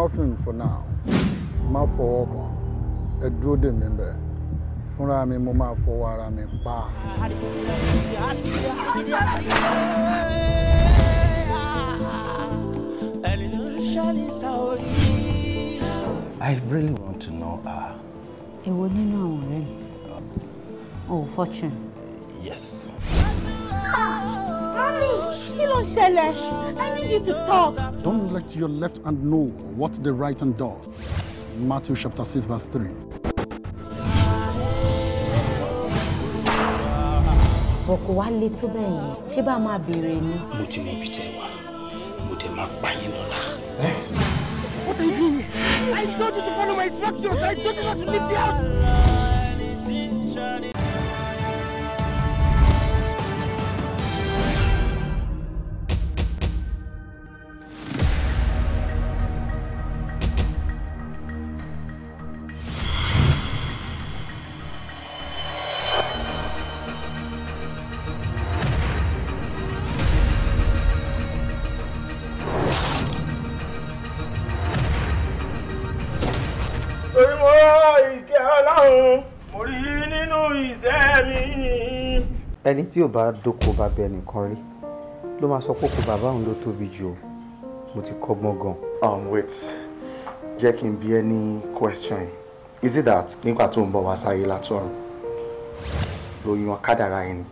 nothing for now má fọwọ́ kan ẹ dúró dè mí bẹ́ẹ̀ fúnra mi mo máa fọwọ́ ara mi pa. I really want to know her. Uh, Èwo nínú àwọn ọ̀rẹ́ mi? Um, oh, fortune. Yes. Mommy, kí ló ń I need you to talk. Don't let your left hand know what the right hand does. Matthew chapter 6 verse 3. Bọ̀kọ̀ wá lé tó bẹ́ẹ̀ yẹn, ṣé bá máa béèrè ni? Mo ti mọ ibi tẹ́ wá, mo dẹ̀ máa pa yín lọ́la. What are you doing? I told you to follow my instructions. I told you not to leave the house. ẹni tí ò bá dóko bàbá ẹnìkan rí ló máa sọ pé kò bàbá òun ló tóbi jù o mo ti kọ́gbọ́n gan. Um, wait jẹ́ kí n bi ẹ́ question is it that nígbà tó ń bọ̀ wá sáyé látọ̀run ló yan kádàrá ẹni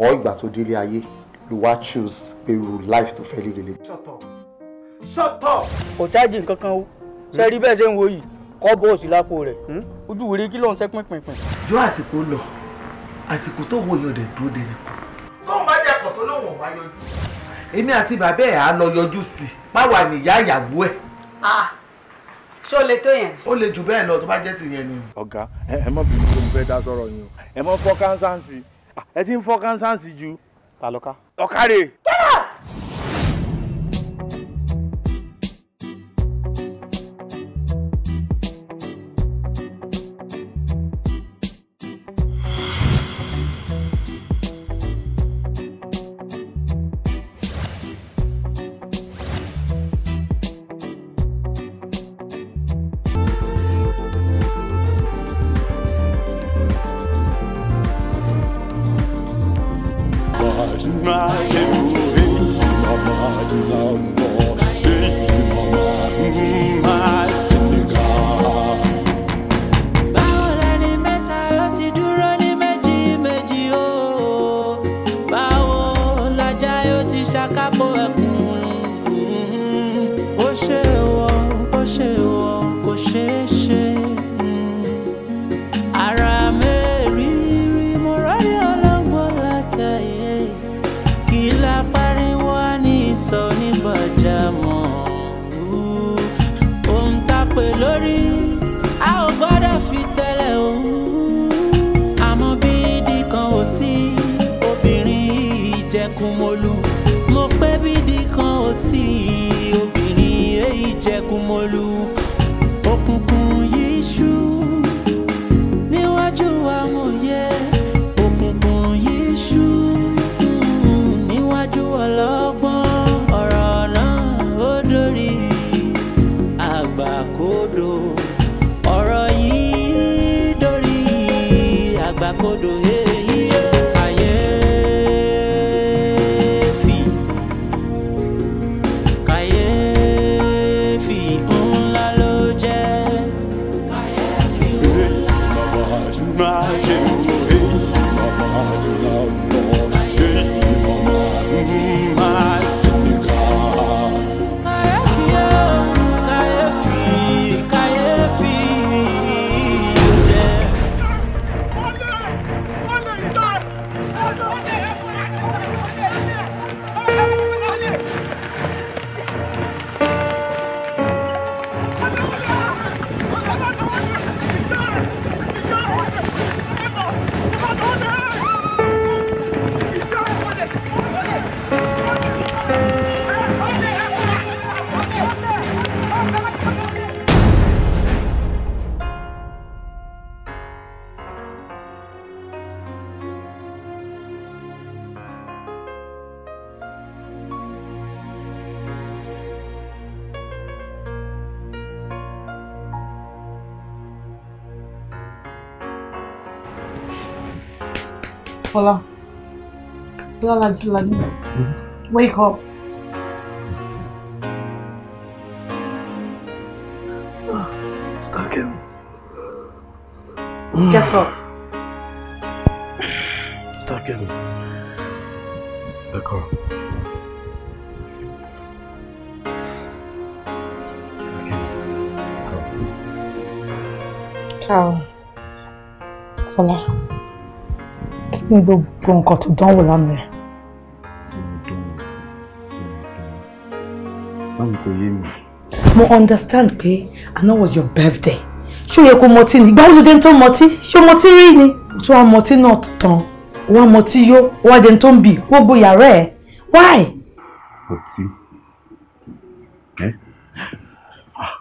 ọ̀ ìgbà tó délé ayé ló wá choose pé irú life tó fẹ́ lè shut up shut up. kò chájì nǹkan o ṣe rí bẹ́ẹ̀ ṣe ń wo yìí kọ́ bọ́ọ̀sì lápò rẹ̀ hmm? ojú wèrè kí ló ń ṣe pínpín. yọ àsìkò lọ àsìkò tó wọ yọdẹ dúró dé nìkan. tóun bá jẹ ẹkọ tó lóun ò wá yọjú. èmi àti bàbá ẹ̀ á lọ yọjú sí i báwa nìyá ìyàwó ẹ̀. ṣé o lè tó yẹn. ó lè jù bẹ́ẹ̀ lọ tó bá jẹ́ ti yẹn ni. ọ̀gá ẹ mọ̀ bí mo ṣe fẹ́ dá sọ̀rọ̀ yín o ẹ mọ̀ fọ́ kánsáǹsì ẹ ti ń fọ́ kánsáǹsì ju tàlọ́ká. ọ̀kárẹ̀. tọ́lá live London. Mm-hmm. Wake up. Stuck in. Guess what? Stuck in the car. Ciao. Fọlá, kí ni gbogbo nǹkan tó dánwò lánàá? kò yé mi. mo understand pé àná was your birthday ṣó yẹ kó mọtí ni ìgbà wo ló dé tó mọtí ṣó mọtí rí ni ó tún wá mọtí náà tán ó wá mọtí yó ó wá dé tó ń bì wó bo yàrá ẹ why. ọtí ẹ ah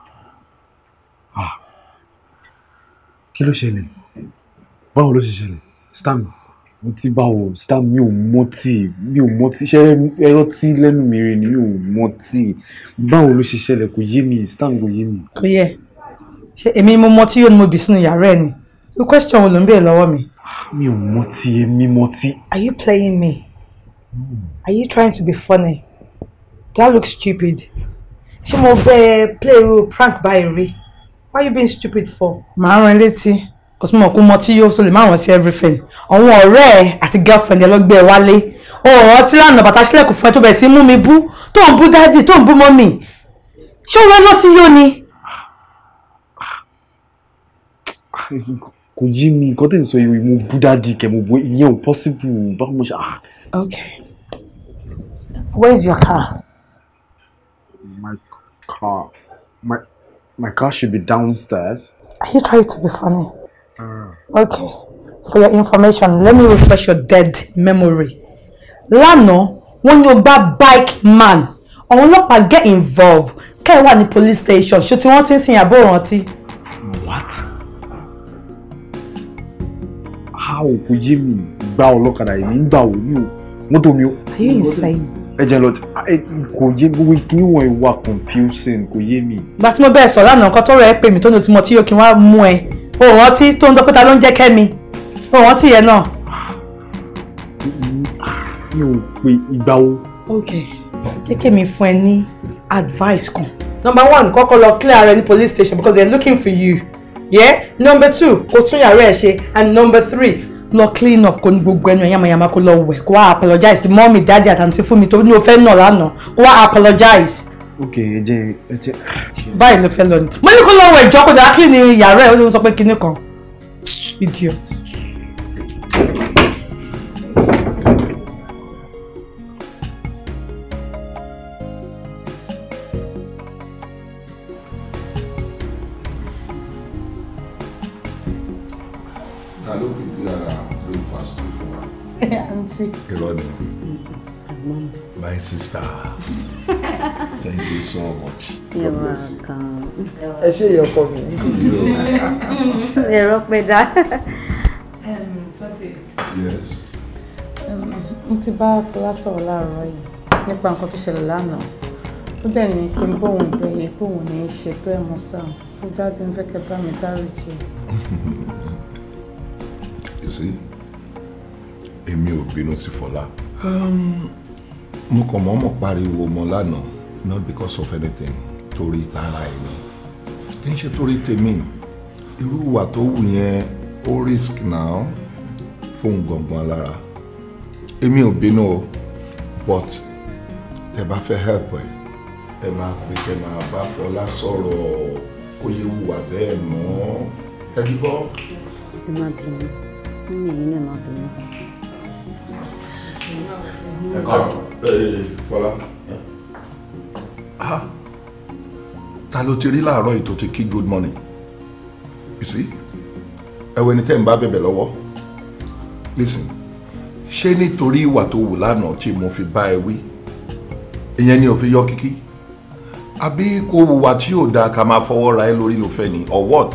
ah kí ló ṣẹlẹ̀ báwo ló ṣe ṣẹlẹ̀ stanley mo ti bá wò star mi ò mọtì mi ò mọtì ṣe ẹrọ tí lẹ́nu mi rè ni mi ò mọtì báwo ló ṣe ṣẹlẹ̀ kò yé mi star mi kò yé mi. kò yẹ ṣe èmi mo mọtì yóò mo bì sínú yàrá ẹ ni irú question wo ló ń béèrè lọ́wọ́ mi. mi ò mọtì èmi mọtì. are you playing me? are you trying to be funny? do I look stupid? ṣé mo bẹ́ẹ̀ play role prank báyìí rí? why you being stupid for? màá rán létí kọsí mọ̀ kó mọ tí yóò sọlẹ̀ máwọn sí everything àwọn ọ̀rẹ́ ẹ̀ àti girlfriend ẹ̀ lọ́gbẹ́ wálé ọ̀rọ̀ tí lànà bàtà sílẹ̀ kò fún ẹ tó bẹ̀rẹ̀ sí mú mi bú tó ń bú dáàdì tó ń bú mọ́mì ṣé òun lọ sí yóò ni. kò jí mi nǹkan tẹ̀ ń sọ yìí mo bú dáàdì kẹ̀ mo bú ìyẹn ò possible báwo mo ṣe. Ah. okay where is your car. my car my my car should be downstairs. are you trying to be funny. Mm. Okay, for your information, let me refresh your dead memory. Lano, when ní o bike man. Àwọn ọlọ́pàá get involved. Kẹ́ẹ̀ wà the police station. shooting tí wọ́n ti ń sin àbó What? How could kò yé mi gba ọlọ́kadà yìí, mi ń gbà wò ní o, mọ́tò Are you insane? ẹjẹ lọ kò yé mi kí wọn confusing Could yé mi. gbàtí mo bẹ́ẹ̀ sọ lánàá kan tó rẹ̀ pè mí tó ní o ti mọ tí yóò kí òun ọtí tó ń sọ pé ta ló ń jẹ́ kẹ́mi òun ọtí yẹn náà. mi ò pe ìgbà wo. ok kékeré mi fún ẹ ní advice kan. number one kọ́kọ́ lọ clear ara ẹ ní police station because they are looking for you. Yeah? number two kò tún yàrá ẹ ṣe and number three lọ clean up kò ní gbogbo ẹnu ẹ̀yàmọ̀yàmọ̀ kò lọ wẹ̀ kó wá apologize mọ́mí dáàdì àtàntí fún mi tó ní o fẹ́ nà lánàá kó wá apologize ok ẹ jẹ ẹ jẹ. báyìí ló fẹ́ lọ ni mo ní kó lọ́wọ́ ìjọkọ̀dọ̀ akílì ní yàrá ẹ̀ ó sọ pé kinní kan idiot. ta ló kìí bí ara ló fà sí fún wa. àǹtí. ìrọ̀ ni. Mm-hmm mom. My sister. Thank you so much. You're God welcome. You. Ẹ your yẹ ọkọ mi. Ẹ̀rọ pẹ̀ dá. Yes. Mo ti bá Fọlá sọ̀rọ̀ láàárọ̀ yìí nípa nǹkan tó ṣẹlẹ̀ lánàá. Ó dẹ̀ ní kí n bóun bẹ̀yẹ̀ bóun ní í ṣe bẹ́ẹ̀ mọ́ sáà. Ó dáadé ń fẹ́ kẹ́ bá mi dáríjì. You see, èmi ò bínú sí Fọlá. Um, mo kàn mọ́mọ́ pariwo mọ́ lánàá not because of anything torí tara ẹ̀ ni kì í ṣe torí tèmi irú ìwà tó wù yẹn ó risk náà fún gbọ̀ngbọ̀n lára èmi ò bínú o but tẹ bá fẹ́ help ẹ ẹ máa pè kẹ máa bá Fọlá sọ̀rọ̀ kó yẹ wùwà bẹ́ẹ̀ mọ́ ẹ bí bọ́. ẹ má bínú nínú èyí náà má bínú. ẹ kọ́ ọ. Eh, Fọlá. Ah, ta ló ti rí láàárọ̀ yìí tó ti kí good morning? You see? Ẹ̀wẹ̀ ni tẹ́ ń bá bẹ̀bẹ̀ lọ́wọ́. Listen, ṣé nítorí ìwà tó wù lánàá tí mo fi bá ẹ wí? Ìyẹn ni ò fi yọ kíkí. Àbí kò wùwà tí yóò dáa ká máa fọwọ́ ra ẹ lórí ló ni or what?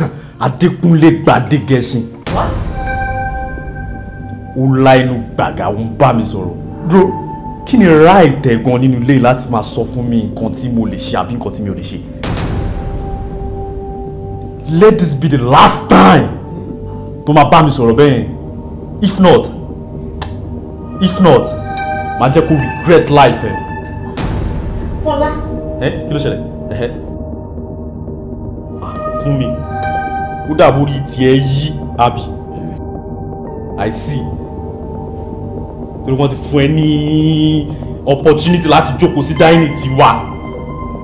Adékúnlé Gbadégẹṣin. What? Ó la inú gbàgà ó ń bá mi sọ̀rọ̀ kí ni right ẹ gan nínú ilé láti máa sọ fún mi nǹkan tí mo lè ṣe àbí nǹkan tí mi ò lè ṣe let this be the last time tó máa bá mi sọ̀rọ̀ bẹ́ẹ̀ if not if not máa jẹ́ kó regret life ẹ. fọlá. ẹ kí ló ṣẹlẹ̀ fún mi ó dàbò orí tiẹ̀ yí àbí i see torí wọ́n ti fún ẹ ní opportunity láti jókòó sí dáínì tiwa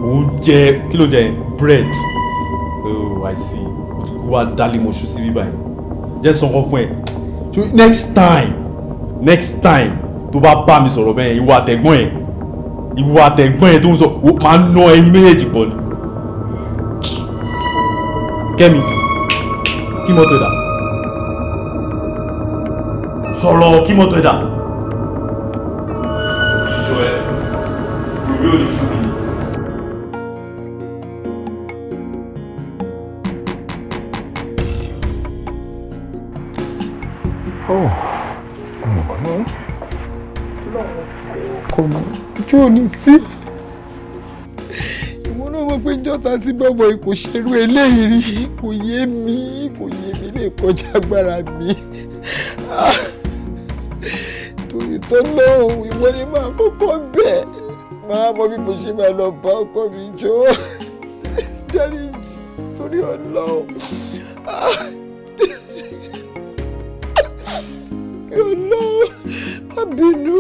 oúnjẹ kí ló jẹ bread oh i see o ti kú wa dálé mọ̀ṣú sí bíbá yìí jẹ́ sọ̀kan fún ẹ so next time next time tó bá bá mi sọ̀rọ̀ bẹ́ẹ̀ ìwà àtẹ̀gbọ́n ẹ̀ ìwà àtẹ̀gbọ́n ẹ̀ tó ń sọ máa ń ná ẹyin méjèèjì pọ̀ ni kẹ́mi kí mọ́tò ẹ̀dá sọ̀rọ̀ kí mọ́tò ẹ̀dá. ọlọ́mọ kò ṣerú eléyìí rí kò yé mi kò yé mi lè kọjá agbára mi torí tó lóhùn ìwọ ni màá kọ́kọ́ bẹ̀ màá mọ bí mo ṣe máa lọ bá ọkọ mi jọ dárí torí ọlọ́run ọlọ́run àbínú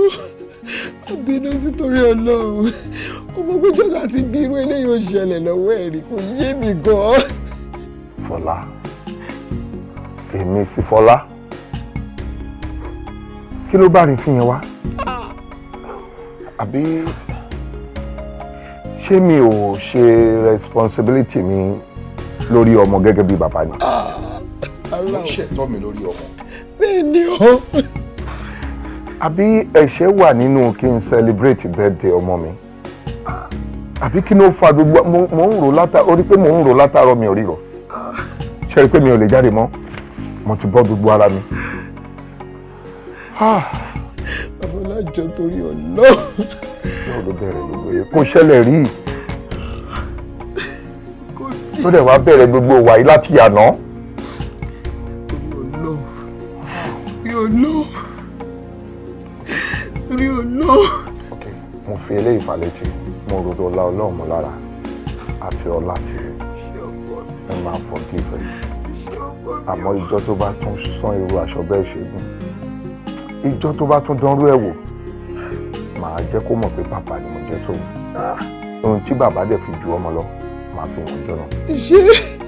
àbínú sí torí ọlọ́run gbogbo jọba ti bí irú eléyìí ó ṣẹlẹ̀ lọ́wọ́ ẹ̀ rí kò yé mi gan-an. fọlá èmi sí fọlá kí ló bá rìn fi yẹn wá àbí ṣé mi ò ṣe responsibility mi lórí ọmọ gẹ́gẹ́ bí bàbá ni. Ah, ló ṣètọ́ mi lórí ọmọ. bẹ́ẹ̀ ni o. àbí ẹ̀ṣẹ̀ wà nínú kí n celebrate birthday ọmọ mi àbí kí ló fa gbogbo mo ń rò látà ó rí pé mo ń rò látàárọ̀ mi ò ríro ṣe rí pé mi ò lè jáde mọ́ mo ti bọ́ gbogbo ara mi. Ah. bàbá lájọ torí ọ̀nà. yóò ló bẹ̀rẹ̀ gbogbo yẹn kó ṣẹlẹ̀ rí i tó dẹ̀ wá bẹ̀rẹ̀ gbogbo wàyí láti yànà. mi ò lọ mi ò lọ. ok mo fi eléyìí falẹ̀ tì mo rò ọlá ọlọ́run mọ́ lára àti ọlá tí ẹ máa forgive ẹ àmọ́ ìjọ tó bá tún sán irú aṣọ bẹ́ẹ̀ ṣẹ́gun ìjọ tó bá tún dánrú ẹ̀ wò màá jẹ́ kó mọ̀ pé bàbá ni mo jẹ́ sóun ohun tí bàbá dẹ̀ fi ju ọmọ lọ màá fi wọ́n jọ náà.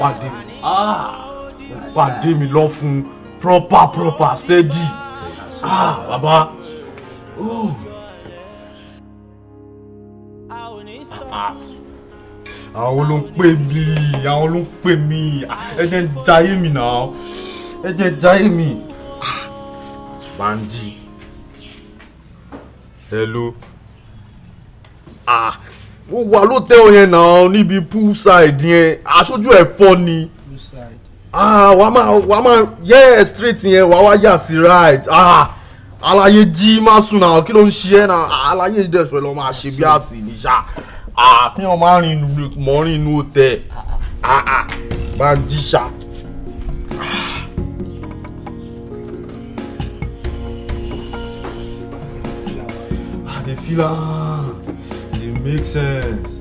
pàdé mi ah! pàdé mi lọ fún proper proper steady ah baba. Oh. Ah, àwọn ló ń pè mí àwọn ló ń pè mí ah, ẹ jẹ́ ń jayé mi náà ẹ jẹ́ jayé mi. Banji hello ah ó wà lóòótọ́ yẹn náà níbi poolside yẹn aṣojú ẹ̀ fọ́ ni ah, wàá máa wàá máa yẹ straight yẹn wàá wá yà sí right alaye ah, jí má sùn náà kí ló ń ṣe ẹ́ náà alaye ah, dẹ̀fẹ̀ lọ́ máa ṣe bí àsì ní ṣá kí wọ́n máa rìn mọ́rin inú tẹ̀ máa jí ṣá. àdèfílà. It makes sense.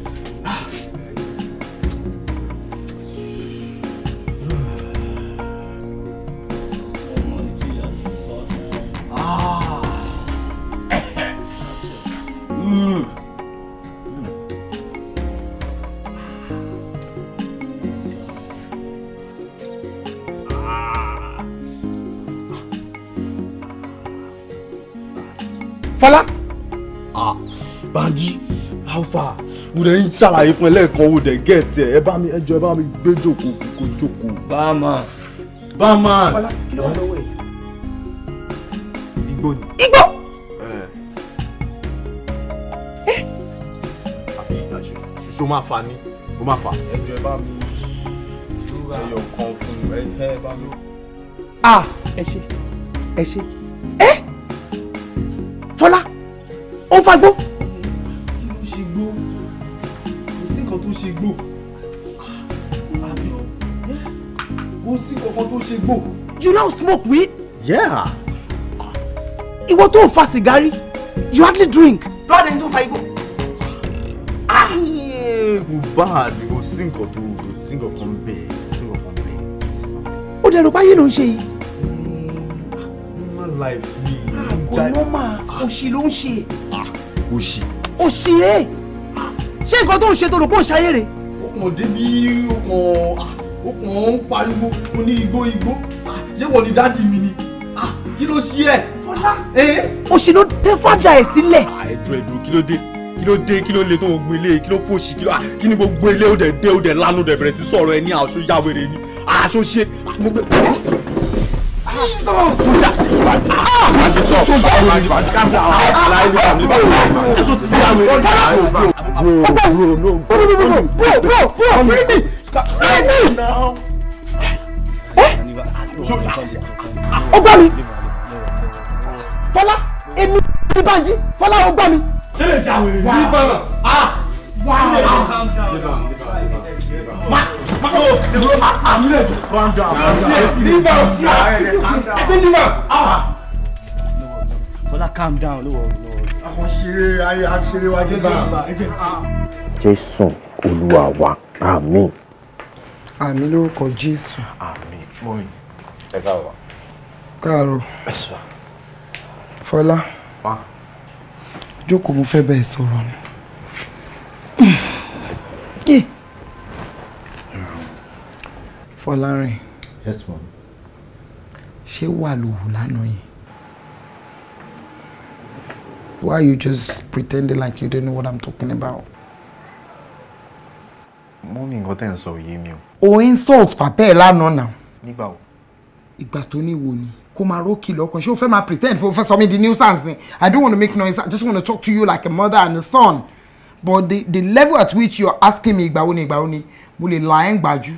Voilà. Ah, bandit. alfa mo dẹ̀ ń ṣàlàyé fún ẹ lẹ́ẹ̀kan o dẹ̀ gẹ̀ẹ́tì ẹ bá mi ẹjọ́ ẹ bá mi gbé jòkó fún kó jòkó. báàmà báàmà. bọ́lá kí ló wà lọ́wọ́ ẹ̀. igbó ni. igbó. ẹ. Eh. Eh. àbí ìgbà ṣoṣo máa fa ni ó máa fa. ẹjọ́ ẹ mi ẹyọ kan fún ẹ ẹ mi. a ẹ ṣe ẹ ṣe eh! ẹ fọlá ó nǹkan tó ṣe gbò. you now smoke weed. yeah. ìwọ tó ń fa sìgárì you hardly drink. lọ́dẹ̀ ní tó fa igbó. Ah, kò bad. a di kò sí nǹkan tó kò sí nǹkan kan bẹ́ẹ̀ kò sí nǹkan kan bẹ́ẹ̀. ó dẹ̀rù báyé ló ń ṣe yìí. normal life ni. àgọ́ ah, normal ah. òṣì ló ń ṣe. òṣì. òṣì rẹ̀ eh. ṣé nǹkan tó ń ṣe tó rò pé ó ń ṣayé rẹ̀. ọkàn débi ọkàn ó kàn ń pariwo ó ní igbó igbó ṣé wọ́n ní dáàdì mi ni kí ló ṣe ẹ. fọlá òṣèlú tẹ fàdà ẹ sílẹ̀. ẹdùn ẹdùn kí ló dé kí ló dé kí ló le tó gbogbo ilé kí ló fòṣì kí ló kí ni gbogbo ilé ó dẹ dé ó dẹ lánàá ó dẹ bẹ̀rẹ̀ sí sọ̀rọ̀ ẹ ní àṣọ yáwèrè ni àṣọ ṣe. sójà sójà sójà Freddy! Ó gbá mi! Fọlá! Èmi ní Bánjí! Fọlá ó gbá mi! Ṣé lè jà wèrè ní Bánà? Wow! Ma ma o debro ma amule calm down calm down nígbà òṣìṣẹ́ ẹsẹ̀ nígbà. Fọlá calm down ló wọ̀ lọ. Àkànṣe ayé àṣeré wa jẹ́ jẹ́ ìgbà. Ah. Jésù Olúwa wa, àmín àmì lórúkọ jésù. àmì mọ́mí ẹ káàárọ̀. káàárọ̀. fọlá. wá. jókòó mo fẹ́ bẹ́ẹ̀ sọ̀rọ̀ ni. fọlárìn. yes ma'am. ṣé wà ló hù lánàá yìí. Why are you just pretending like you don't know what I'm talking about? Mo ní nǹkan tẹ́ ń sọ yé mi o o insult papa ẹ̀ lánàá náà. nígbà wo. ìgbà tó ní wo ni kó máa rókì lọ́kàn ṣé o fẹ́ máa pretend fún o fẹ́ sọ mi di nuisance ni i don't want to make noise i just want to talk to you like a mother and a son but the the level at which you are asking me ìgbà wo ni ìgbà wo ni mo lè la ẹ̀ ń gbájú.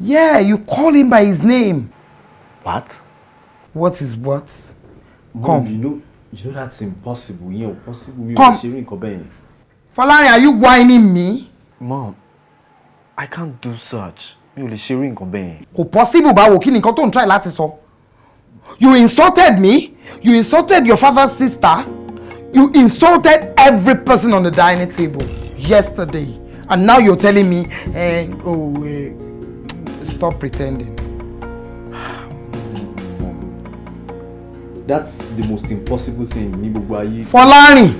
yeah you call him by his name. what. what is what. Mom, come you know you know that's impossible yẹn yeah, o possible mi ò Fọlárin are you whining me. mom I can't do such mi ò lè ṣe irú nǹkan bẹ́ẹ̀. kò possible báwo kí ni nǹkan tó ń try láti sọ you insulted me you insulted your father's sister you insulted every person on the dining table yesterday and now you're telling me eh, oh, eh, stop pretending. that's the most impossible thing ní gbogbo ayé. fọlárin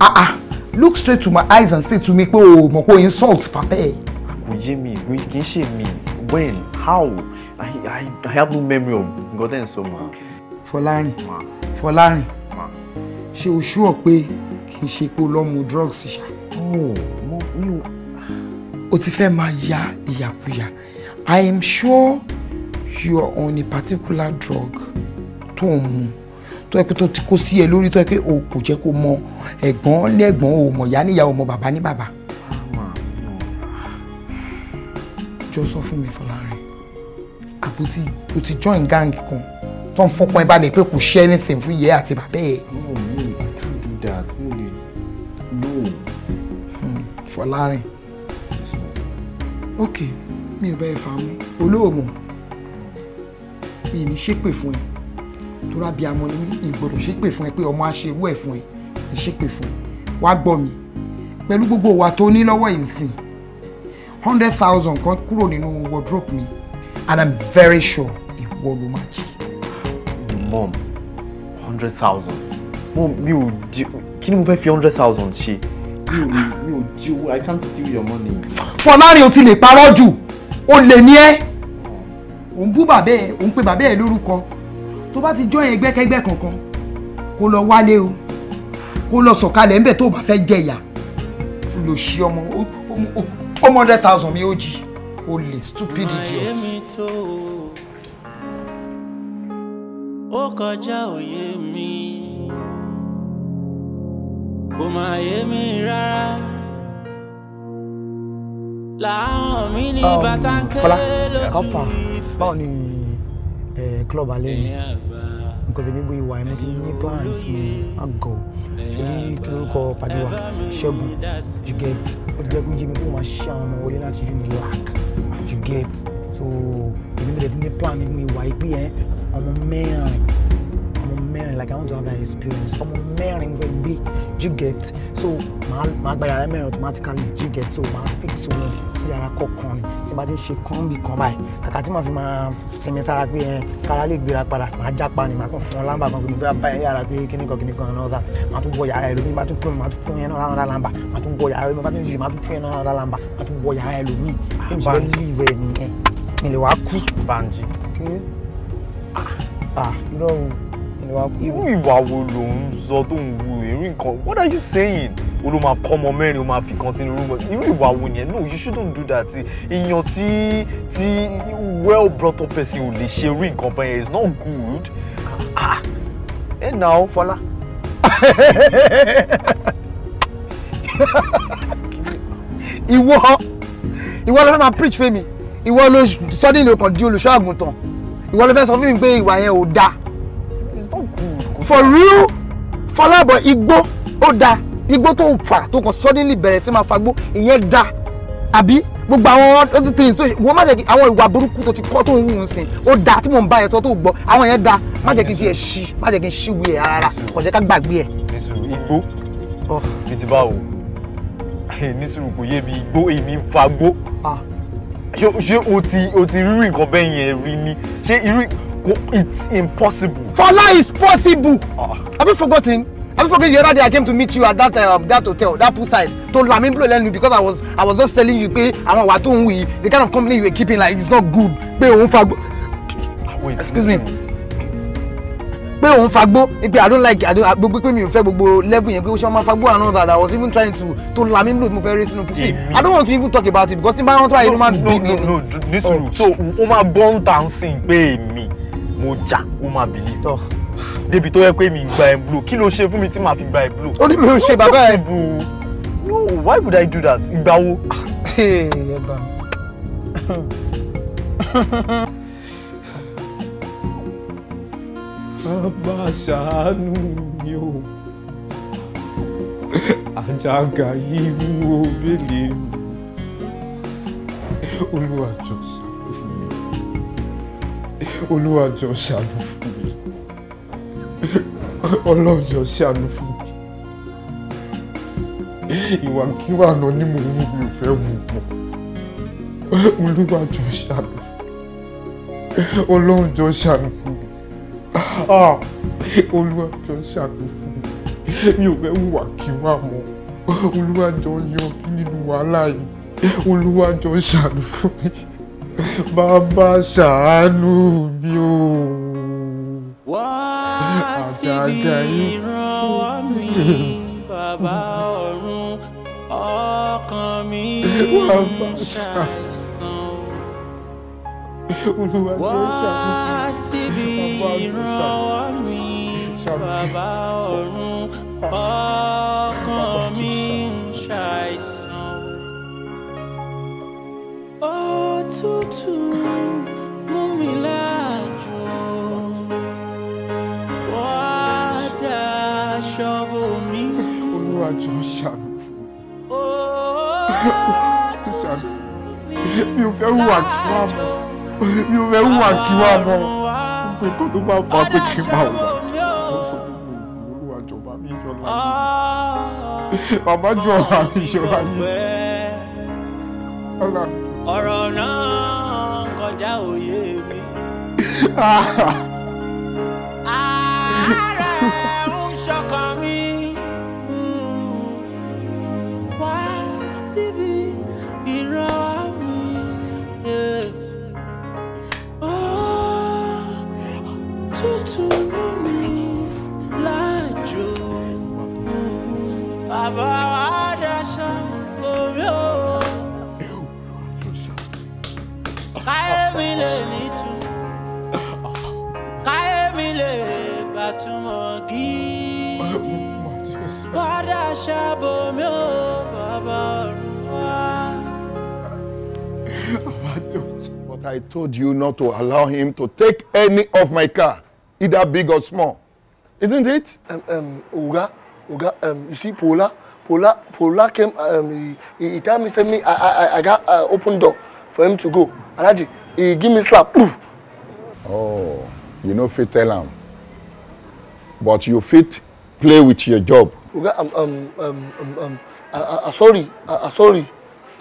ah ah look straight to my eyes and say to me pé o mọ̀ pé insult papa ẹ̀. kò mi kì í mi when how i i i have no memory of nǹkan tẹ́ ẹ̀ ń sọ mọ́. fọlárin fọlárin She o ṣúọ̀ pé kì í ṣe pé o lọ mu drugs ṣá. Oh, o ti fẹ́ máa ya ìyàkuyà i am sure you are on a particular drug To. mu tó yẹ pé tó ti kó sí ẹ lórí tó yẹ pé o kò jẹ́ kó mọ ẹ̀gbọ́n lẹ́gbọ́n o mọ̀ ìyá níyàwó mọ̀ bàbá ní bàbá. jọ sọ fún mi Fọlárin àbò tí o ti join gang kan tó ń fọpọ́n ẹ balẹ̀ pé kò ṣe anything fún ìyá àti bàbá ẹ. Hmm, Fọlárin ok mi ò bá ẹ fà á mú olóòmù mi ì ní ṣépè fún ẹ tóra bíi amọ̀ ní ìgbọ̀dọ̀ ṣépè fún ẹ pé ọmọ aṣerú ẹ̀ fún ẹ ìṣépè fún ẹ wá mi pẹ̀lú gbogbo wa tó ní lọ́wọ́ yìí sìn hundred thousand kan kúrò nínú wardrobe mi and i'm very sure ìwọ ló máa jí. mom hundred thousand mom mi ò di kí ni mo fẹ́ fi hundred thousand ṣe mi ò mi ò di owó i can't steal your money. fọlárin o ti lè parọ́ jù o lè ní ẹ́ òun bú bàbá ẹ̀ òun pe bàbá ẹ̀ lórúkọ tó bá ti jọ yẹn gbẹ́kẹ́gbẹ́ kankan kó lọ wálé o kó lọ sọ̀kalẹ̀ ńbẹ̀ tó bá fẹ́ jẹ̀yà kó ṣí ọmọ ọmọ hundred thousand mi ó jì ó lè stupid idiot. ó kọjá òye mi kò máa yé mi rárá láwọn mi ní bàtà ń kéré lójú ìfẹ́. báwo ni Eh, club alone because èmi bu ìwà èmi ti ní plans mi á gọ̀ torí kí lórúkọ pàdé wa ṣẹ́gun you get ó ti jẹ́ kó yé We kó máa ṣe àwọn ọmọ wọlé láti you get so èmi bẹ̀rẹ̀ ti ní plan mi ìwà ìpín yẹn ọmọ mẹ́rin mẹ́rin like i want to have that experience I'm ọmọ mẹ́rin fẹ́ gbé you get so my by gba yàrá automatically you get so my fix wọn sí yàrá kọ̀ọ̀kan ni tí bá ti ṣe kán bí kan báyìí kàkà tí màá fi máa sinmi sára pé ẹ kára lè gbéra padà màá jápa ni màá kàn fún ọ lámbà kan pé mo fẹ́ bá ẹ yàrá pé kíní kan kíní kan and all that màá tún wọ yàrá ẹlòmíì màá tún pè màá tún fún yẹn náà rárá lámbà màá tún wọ yàrá ẹlòmíì màá tún yìí màá tún fún yẹn náà rárá lámbà màá tún wọ yàrá ẹlòmíì bí mo ṣe fẹ́ lé ìwẹ̀ nìyẹn mi lè wá kú. Banji. kí ah ah irọ́ o irú ìwà wo ló ń sọ tó ń wu irú nǹkan what are you saying o ló máa pọ́ ọmọ mẹ́rin o máa fi kan sínú rúmọ̀ irú ìwà wo nìyẹn no you shouldn't do that èèyàn tí tí well brought up person ò lè ṣe irú nǹkan bẹ́ẹ̀ it's not good ah ẹ̀ nà ó fọlá. ìwọ ìwọ ló fẹ́ máa preach fẹ́ mi ìwọ ló suddenly o di olùṣọ́ àgùntàn ìwọ ló fẹ́ sọ fún mi pé ìwà yẹn ò dáa for real Fọlábọ̀ igbó ó da Igbo to ń To tó kàn suddenly bẹ̀rẹ̀ sí máa fagbó ìyẹn da àbí gbogbo àwọn other things wọ́n má jẹ́ kí àwọn ìwà burúkú tó ti kọ́ to ń wù ú sìn ó da tí mò ń bá yẹn sọ tó gbọ́ àwọn yẹn da má jẹ́ kí n ti ẹ̀ ṣí má jẹ́ kí n ṣí wí ẹ̀ rárá kò jẹ́ ká gbàgbé ẹ̀. nísùrù igbó oh. bí ti bá wò nísùrù kò yé mi igbó èmi ń fagbó ah. ṣé o ti rí nǹkan bẹ́ẹ̀ yẹn rí ni ṣé irú It's impossible. Fala is possible. Uh. Have you forgotten? Have you forgotten the other day I came to meet you at that uh, that hotel, that poolside, to Lamimblo Lenu because I was I was just telling you, pay I don't tó ń wí, the kind of company you were keeping like it's not good. Pay òun fagbo. Wait. Excuse me. Pay òun fagbo. pé I don't like I don't gbogbo pé mi ò fẹ́ gbogbo level yẹn pé my fagbo and all that I was even trying to to Lamimblo mo fẹ́ rí sínú pussy. I don't want to even talk about it because if I bá wọn tó don't want to bí me. No no no, This nísòro. So o máa bọ́ ń tàn sí mo jà ó máa believe. débi tó yẹ pé mi gba ẹ̀ blow kí ló ṣe fún mi tí màá fi gba ẹ̀ blow. ó ní mi ò ṣe bàbá ẹ̀. no why would I do that ìgbà wo. bàbá ṣàánú mi o àjàgà yìí mú o bèlè olúwa jọ̀ọ́ olúwa jọ ṣàánú fún mi ọlọ́run jọ ṣàánú fún mi ìwàkiwà náà ni mo wù mí ò fẹ́ wù mọ́ olúwa jọ ṣàánú fún mi ọlọ́run jọ ṣàánú fún mi ah, olúwa jọ ṣàánú fún mi mi ò fẹ́ wùwàkiwà mọ́ olúwa jọ yọ nínú wàhálà yìí olúwa jọ ṣàánú fún mi. Baba ṣàánú mi o. wá síbi ìrànwọ́ mi bàbá ọ̀run ọkàn mi ń ṣàìsàn olúwa síbi ìrànwọ́ mi bàbá ọ̀run ah. ọkàn mi. tútù mú mi láàjò wọ́n daṣọ bò mí. olúwa jọ ṣàánú fún mi mi ò fẹ́ hùwà kí wà mọ́ mi ò fẹ́ hùwà kí wà mọ́ pé kó tó bá fà pé kí n máa wà olúwa jọba mi yọlá ah. yìí ààrẹ ń ṣọkàn mi wá síbi ìran mi. Tútù mú mi lè bàtúmọ̀ gidi. Padà ṣàbò mi But I told you not to allow him to take any of my car, either big or small. Isn't it? Um, um, Oga, Oga, um, you see Pola, Pola, Pola came, um, he, he tell me, send me, I, I, I got uh, open door for him to go. Alaji, he give me slap. Oh you no fit tell am but you fit play with your job. oga okay, um, um, um, um, um, uh, uh, sorry uh, sorry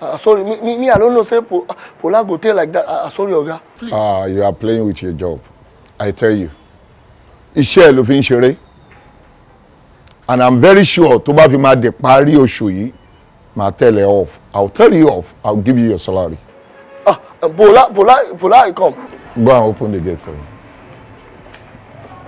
uh, sorry me, me me i no know say po pola go tell like that uh, sorry oga. please ah uh, you are playing with your job i tell you iṣẹ́ ẹ̀ ló fi ń ṣeré and i'm very sure tó bá fi máa dé parí oṣù yìí máa tẹ̀lé off i'll tell you off i'll give you your salary. ah uh, bola bola bola i come. go and open the gate for me.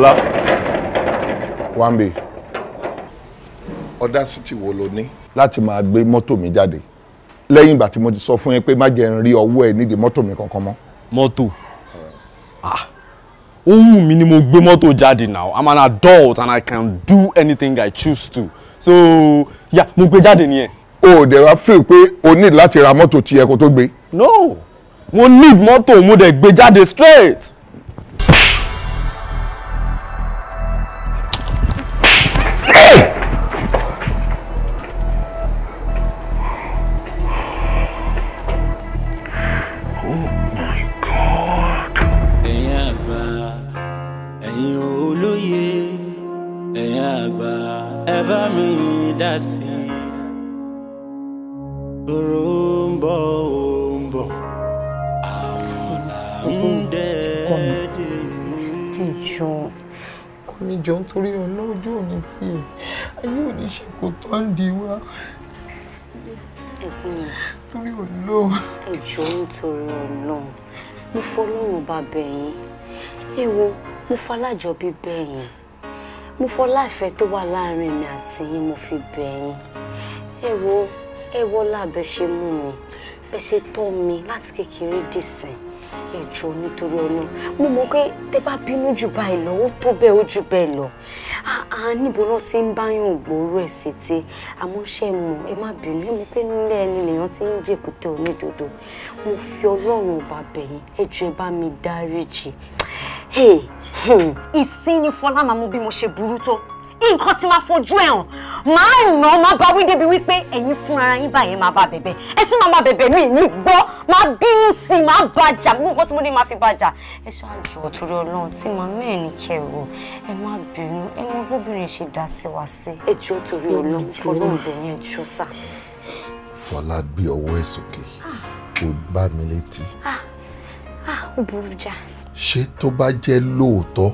Ọlá Wambi ọdásítì wo lo ní láti máa gbé mọ́tò mi jáde lẹ́yìn ìgbà tí mo ti sọ fún yín pé má jẹ́ rí ọwọ́ ẹ nídìí mọ́tò mi kankan mọ́. mọ́tò ohun ah. mi ni mo gbé mọ́tò jáde now I'm an adult and I can do anything I choose to so yeah, mo gbé jáde nìyẹn. o ò dẹ̀ wá feel pé o need láti ra mọ́tò tiẹ̀ kó tó gbé. no mo need mọ́tò mo dẹ̀ gbé jáde straight. fọlájọbí bẹ̀ yín mo fọláìfẹ́ tó wà láàrin mi àti yín mo fi bẹ̀ yín ẹ wo ẹ wọ́ lábẹ́ ṣe mú mi bẹ́ ṣe tọ́ mi láti kékeré dìsìn ẹjọ nítorí ọlọ mo mọ pé tẹ bá bínú jù báyìí lọ ó tó bẹ́ẹ̀ ó jù bẹ́ẹ̀ lọ àá níbo náà ti ń báyàn gbòòrò ẹ sétí àmọ́ ṣe mọ ẹ má bínú ẹ mọ pé nílé ẹni lèèyàn ti ń jẹ èkúté onídodo mo fi Ọlọ́run ọba bẹ̀yín ẹjọ ẹ bá mi dáríjì Hmm, ìsín ni fọlá màmú bí mo ṣe burú tó nǹkan tí máa fojú ẹ̀ hàn máa nà án máa bá wí débi wípé ẹ̀yin fúnra yín báyẹn máa bá bẹ̀bẹ̀ ẹ tún máa máa bẹ̀bẹ̀ mí ní gbọ́ máa bínú sí i máa bàjà gbogbo nǹkan tí mo ní máa fi bàjà ẹ ṣáàjù ọ̀túnrẹ́ ọlọ́run tí màmá ẹ̀ ní kẹrù ẹ má bínú ẹ mọ bóbìnrin ṣe dá sí wa sí ẹ jọ torí ọlọ́run fọlọ́run bẹ̀yẹn jọ sá. fọlá gbé ọwọ́ ẹ̀ sókè ó gbá mi létí. Ah, ah, ó burú jáà ṣé tó bá jẹ́ lóòótọ́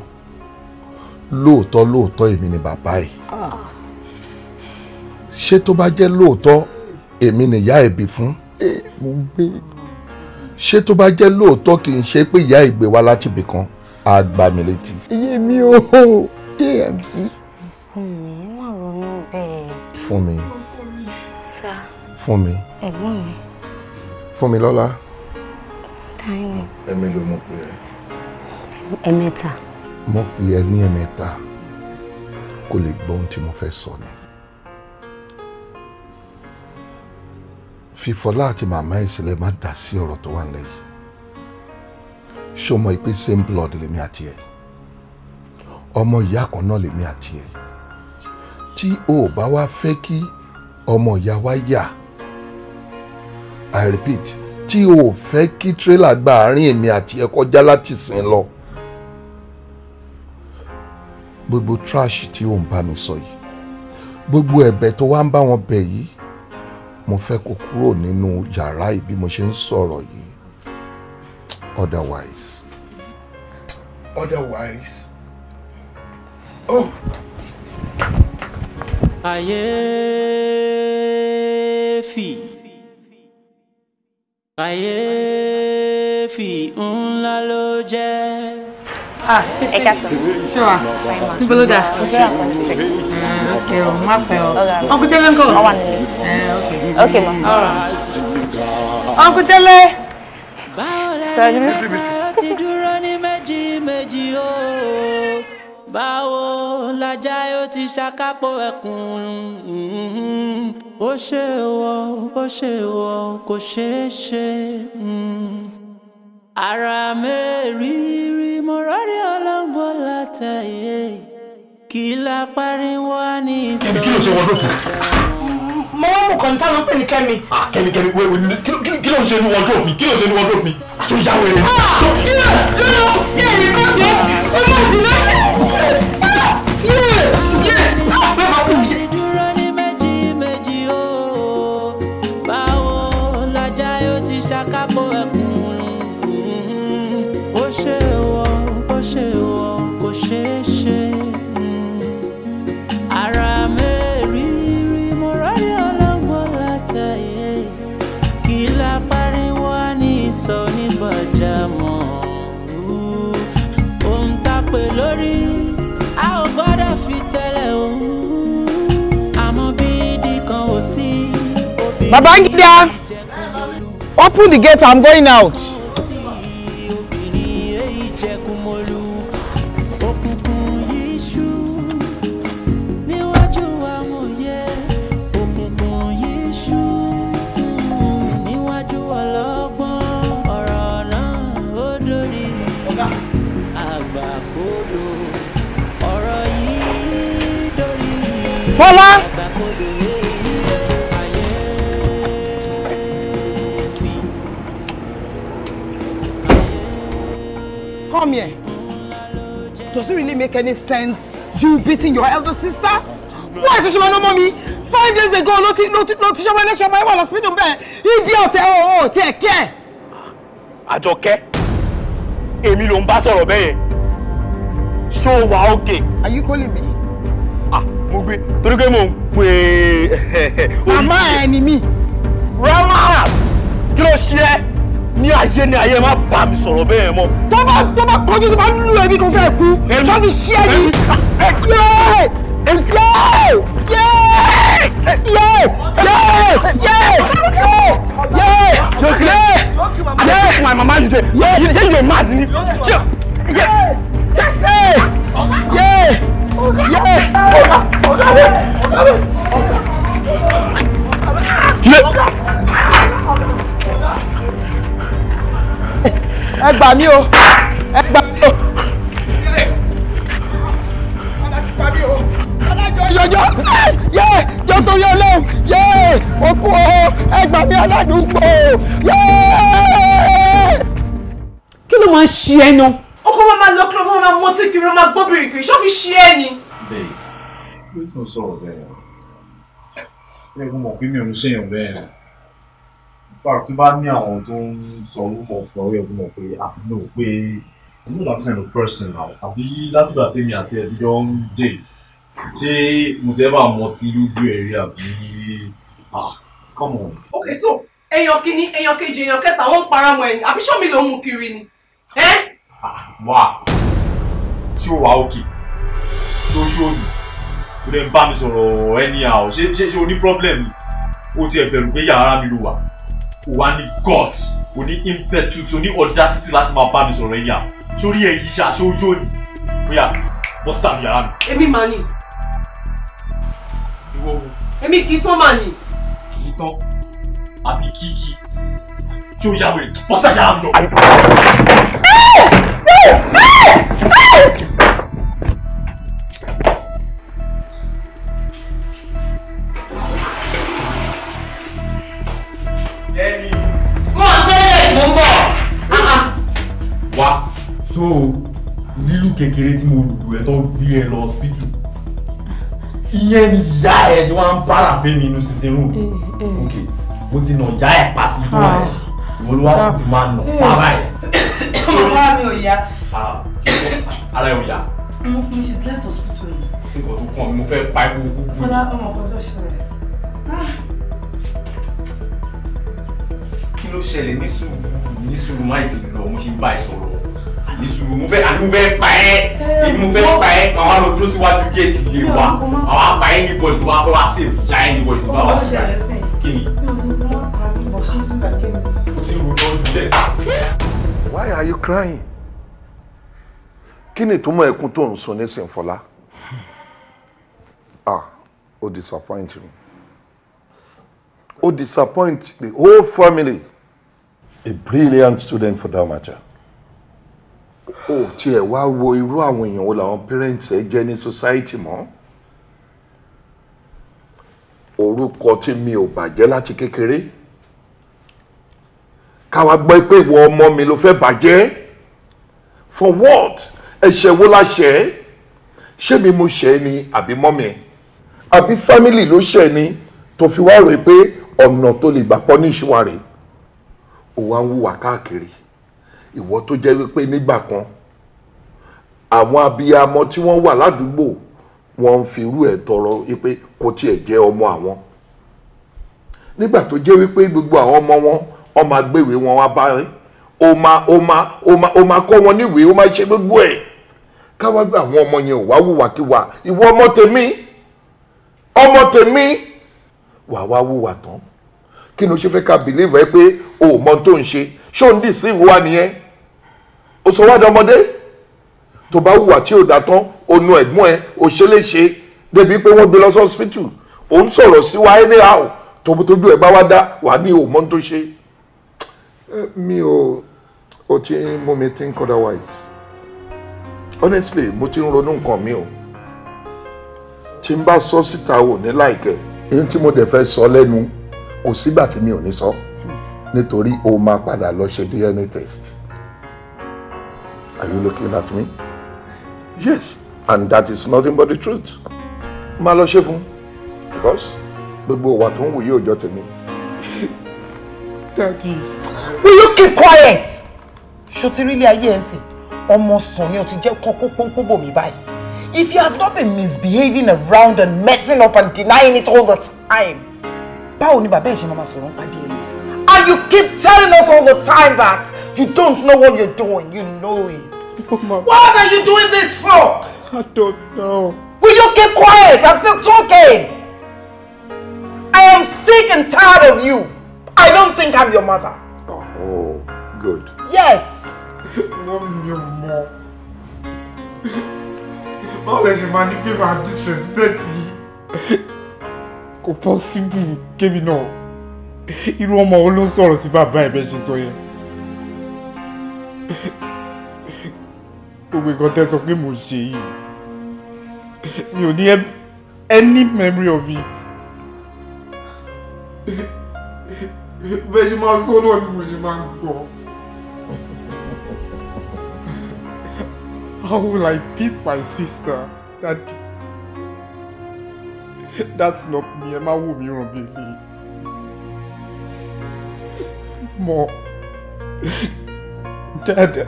lóòótọ́ lóòótọ́ èmi ni bàbá ẹ̀ ṣé tó bá jẹ́ lóòótọ́ èmi ni ìyá ẹ̀ bí fún ṣé tó bá jẹ́ lóòótọ́ kì í ṣe pé ìyá ìgbé wa láti ibì kan á gbá mi létí. iye mi ò amc. Fúnmi má ronú bẹ́ẹ̀. Fúnmi. Sá. Fúnmi. Ẹ̀gbọ́n mi. Fúnmi lọ́lá. Táyọ̀. Ẹ̀mí ló mọ̀ pé ẹ ẹ̀mẹ́ta. mo pè ẹ ní ẹ̀mẹ́ta kó lè gbọ́ ohun tí mo fẹ́ sọ ni. fífọlá àti màmá ẹ̀ sílẹ̀ má dá sí ọ̀rọ̀ tó wà nílẹ̀ ṣé o mọ̀ pé same blood lèmi àti ẹ̀ ọmọ ìyá kan náà lèmi àti ẹ̀ tí o ò bá wá fẹ́ kí ọmọ ìyá wa yà i repeat tí o ò fẹ́ kí tírélà gba àárín èmi àti ẹ̀ kọjá láti sìn lọ gbogbo trash tí ò ń bá mi sọ yìí gbogbo ẹ̀bẹ̀ tó wá ń bá wọn bẹ̀ yìí mo fẹ́ kó kúrò nínú yàrá yìí mo ṣe ń sọ̀rọ̀ yìí otherwise otherwise oh. kàyéfì fi. ńlá ló jẹ́ ẹ káàsán. ṣé wa níbo ló dà. ok o má pẹ́ o ọkùn tẹ́lẹ̀ ńkọ́. ọwọ́ ni ok ma. ọkùn tẹ́lẹ̀. sọ̀rọ̀ ti dúró ní o báwo lajá yóò ti ṣàkápò ẹkùn mm, mm, mm. ó ṣe wọ ó ara mẹ́rìírí mo rọ́rí ọlọ́gbọ́n látàyè kí la pariwo ní sọ́ọ́. kí ló ṣe wọ́n mo wá mú kọ́ńtà ló pè ní kẹ́mi. Ah, kẹ́mi kẹ́mi wẹ́wẹ́ ní kí ló ń ṣe ní wardrobe mi kí ló ń ṣe ní wardrobe mi tó yá wẹ̀rẹ̀. yíyẹ yíyẹ yíyẹ ní kọ́ jẹ́ ọmọ ìdílé yíyẹ yíyẹ bẹ́ẹ̀ bá fún mi. Babangida, open the gate, I'm going out. any sense you beating your elder sister? wọ́n ti ṣe máa ná five days ago ló ti ló ti ló ti ṣe wọlé I speak ẹwà lọ́sibítù You deal, ọ̀tẹ̀ ọ̀ ọ̀ tiẹ̀ care. ẹ̀. àjọkẹ́ èmi ló ń bá sọ̀rọ̀ bẹ́ẹ̀ yẹn ṣó wà ókè. are you calling me? ah mo gbé torí pé mò ń pè é. Eh, eh, eh, màmá ẹ ni mí. ramat kí ló ní ayé ní ayé má bá mi sọ̀rọ̀ bẹ́ẹ̀ mọ́. tó bá tó bá kọjú sí ma lù ẹbí kò fẹ́ kú ṣọ́ ti ṣí ẹni. yé yé yé yé yé yé yé. adé my mama you dey yé ṣé you dey mad ni. yé yé yé. yé. ẹ gbà o ẹ gbà o. yọjọ yẹ yọ tó yọ lọ yẹ okú o ẹ gbà mí aládùúgbò yẹ. kí ló máa ń ṣe ẹ náà. ó kọ́ máa máa lọ kí ló máa máa mọtí kiri máa gbóbìnrin kiri ṣọ́ọ̀fì ṣe ẹ ni. bẹ́ẹ̀ ló tún sọ̀rọ̀ bẹ́ẹ̀ ẹ mọ̀ pé mi ò ń ṣèyàn bẹ́ẹ̀ fact tó bá ní àwọn tó ń sọ rúmọ̀ fún ọ̀rẹ́ ọ̀gbọ́n mọ̀ pé àbúrò ah, pé I'm not that kind of person now àbí látìgbà tèmi àti ẹ̀ ti jọ ń date ṣé mo ti ẹ́ bá mọ ti lójú ẹ̀ rí àbí ah, come on. ok so èèyàn kìíní èèyàn kejì èèyàn kẹta wọn ń para mọ ẹ̀yìn àbí sọmi ló ń mú kiri ni. Ah, wà á ṣé o wà òkè ṣé o ṣé o nì kò dé bá mi sọ̀rọ̀ anyhow ṣé ṣé o ní problem ni o ti ẹ̀ bẹ̀rù pé yàrá mi ló wà o wá ní guts o ní impetus o ní audacity láti máa bá mi sọ̀rọ̀ ẹni à sórí ẹ̀ yìí ṣá ṣé ó yóò ní bóyá bọ́sítà mi yàrá mi. èmi máa ní. ìwọ wo. èmi kì í tán máa ní. kì í tán àbí kì í kì í ṣé ó yà wèrè bọ́sítà yàrá mi lọ. kékeré tí mo lù ẹ́ tó gbé ẹ lọ hospital ìyẹn ni ìyá ẹ ṣe wá ń bára fẹ́mi inú sitting room eh, eh. ok mo ti nà ìyá ẹ pa sí ìdúrà ẹ ah. ìwọ ló wá kó ti máa nà para ẹ. ọmọ mi ò yá. Ah, ara ẹ ò yá. mo fi ṣe glet hospital yìí. sí nǹkan tó kàn mí mo fẹ́ pa ikú kúkú. fọlá ọmọ kan tó ṣẹlẹ̀. Ah. kí ló ṣẹlẹ̀ ní sùúrù ní sùúrù máì lọ mo ṣe ń bá ẹ sọ̀rọ̀ ní mo fẹ́ àní mo fẹ́ pa ẹ́ èmi mo fẹ́ pa ẹ́ àwọn àlọ́ dúró síwájú géètì ilé wa àwọn apá ẹ́ níbọ̀ tó bá wá sí ìjà ẹ́ níbọ̀ tó bá wá sí ìjà kí ni. o ti ro lọ jù lẹ́sà. Why are you crying? kí ni ìtumọ̀ ẹkún tó ń sun ní sìnfọlá? ah o disappoint me o disappoint the whole family. A brilliant student for that matter ó tiẹ̀ wá wo irú àwọn èèyàn wo làwọn parents ẹ jẹ́ ní society mọ́ orúkọ tí mi ò bàjẹ́ láti kékeré káwa gbọ́ pé ìwọ ọmọ mi ló fẹ́ bàjẹ́ for what ẹ̀ṣẹ̀ wo la ṣẹ̀ ẹ́ ṣé mi mo ṣẹ̀ ni àbí mọ́mi ẹ̀ àbí family ló ṣẹ̀ ni tó fi wá rò pé ọ̀nà tó lè gbà pọ́ ní ìṣúwárẹ̀ òun á ń wúwa káàkiri ìwọ tó jẹ́ wípé nígbà kan àwọn abiyamọ tí wọ́n wà ládùúgbò wọ́n ń fi irú ẹ̀ tọrọ wípé kò tiẹ̀ jẹ́ ọmọ àwọn nígbà tó jẹ́ wípé gbogbo àwọn ọmọ wọn ọmọ agbèwé wọn wá bá rẹ ó máa ó máa ó o ó máa kọ́ wọn níwèé ó máa ṣe gbogbo ẹ̀ káwá bí àwọn ọmọ yẹn wá wùwàkiwà ìwọ ọmọ tèmi ọmọ tèmi wà wá wùwà tán kí ni o ṣe fẹ́ ká bìlíìfù ẹ pé o mọ tó ń ṣe ṣó sí ìwúwa nìyẹn ó sọ wá dọmọdé tó bá hùwà tí ò dá tán ó nu ẹ̀gbọ́n ẹ̀ ó ṣe léṣe débi pé wọ́n gbé lọ sọ́sìpítù ó ń sọ̀rọ̀ sí wa anyhow tòbótójú ẹ̀ bá wá dá wà ní òmọ́ tó ṣe. Eh, mi ò o ti mú mi think otherwise honestly mo ti ń ronú nǹkan mi o tí n bá sọ síta ò ní láìkẹ́ èyí tí mo dẹ̀ fẹ́ sọ lẹ́nu kò sígbà tí mi ò ní sọ hmm. nítorí o máa padà lọ ṣe DNA test. Are you looking at me? Yes, and that is nothing but the truth. Má lọ ṣe fún because gbogbo ìwà tó ń wù yí òjọ Daddy. Will you keep quiet? Ṣotirílé really aye sìn, ọmọ sàn ni o ti koko kókó pọ́npọ́bọ̀ mi báyìí. If you have not been misbehaving around and messing up and denying it all the time, báwo ni bàbá ẹ̀ ṣe máa sọ̀rọ̀ ń pàdé you keep telling us all the time that you don't know what you're doing. You know it. Mama. What are you doing this for? I don't know. Will you keep quiet? I'm still talking. I am sick and tired of you. I don't think I'm your mother. Oh, good. Yes. Mom, your mom. Mom, let you manipulate my disrespect. Impossible, Kevin. No. irú ọmọ wo ló ń sọ̀rọ̀ sí bàbá ẹ̀ bẹ́ẹ̀ ṣe sọ yẹn gbogbo nǹkan tẹ́ sọ pé mo ṣe yìí mi ò ní any memory of it bẹ́ẹ̀ ṣe máa sọ náà ni mo ṣe máa ń gbọ́. How will I beat my sister? That, that's not me. Ẹ má wò mí ràn bí eléyìí mọ́ dáadáa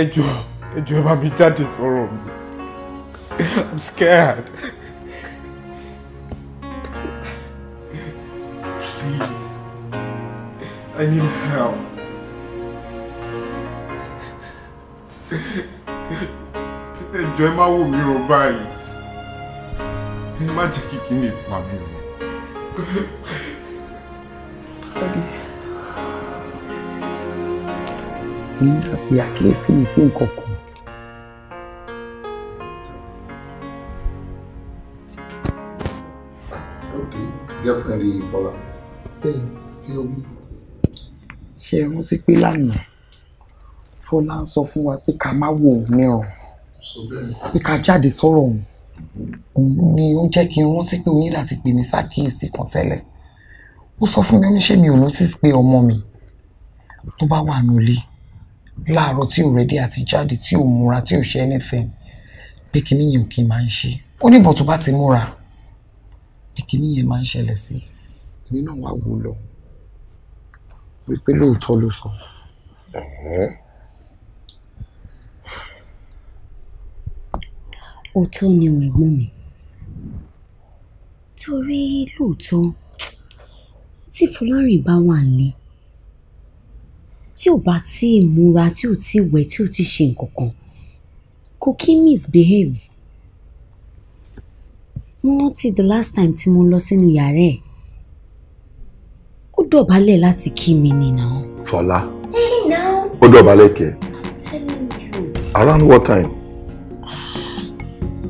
ẹ jọ̀ọ́ ẹ jọ̀ọ́ ẹ bá mi jáde sọ̀rọ̀ mi I'm scared. Please, I need help. ẹ jọ̀ọ́ ẹ má wò mí ràn báyìí ẹ má jẹ́ kí kíní pé a pe àkíyèsí mi sí nǹkan kan. ok girlfriend yìí fọlá. bẹ́ẹ̀ kí ló wí. ṣé ẹ rántí pé lánàá fọlá ń sọ fún wa pé ká má wo òun ní ọ̀run pé ká jáde sọ̀rọ̀ òun òun ni ó ń jẹ́ kí n rántí pé oyin láti pè mí sákìyèsí kan tẹ́lẹ̀ ó sọ fún mi oníṣẹ́ mi ò notice pé ọmọ mi tó bá wà nílé láàárọ̀ tí ò rẹ́dí àti jáde tí ò múra tí ò ṣe anything pé kíní yẹn ò kí máa ń ṣe ó ní bọ̀ tó bá ti múra pé kíní yẹn máa ń ṣẹlẹ̀ sí èmi náà wá wò lọ wípé lóòótọ́ ló sọ. òótọ́ ni ò ẹ̀gbọ́n mi torí lóòótọ́ tí Fọlárìn bá wà nílé tí ò bá tí ì múra tí ò tí ì wẹ̀ tí ò tí ì ṣe nǹkan kan kò kí misbehave. mo rántí the last time tí mo lọ sínú yàrá ẹ̀ ó dọ̀bálẹ̀ láti kí mi nìna. Fọlá ó dọ̀bálẹ̀ kẹ́ around what time.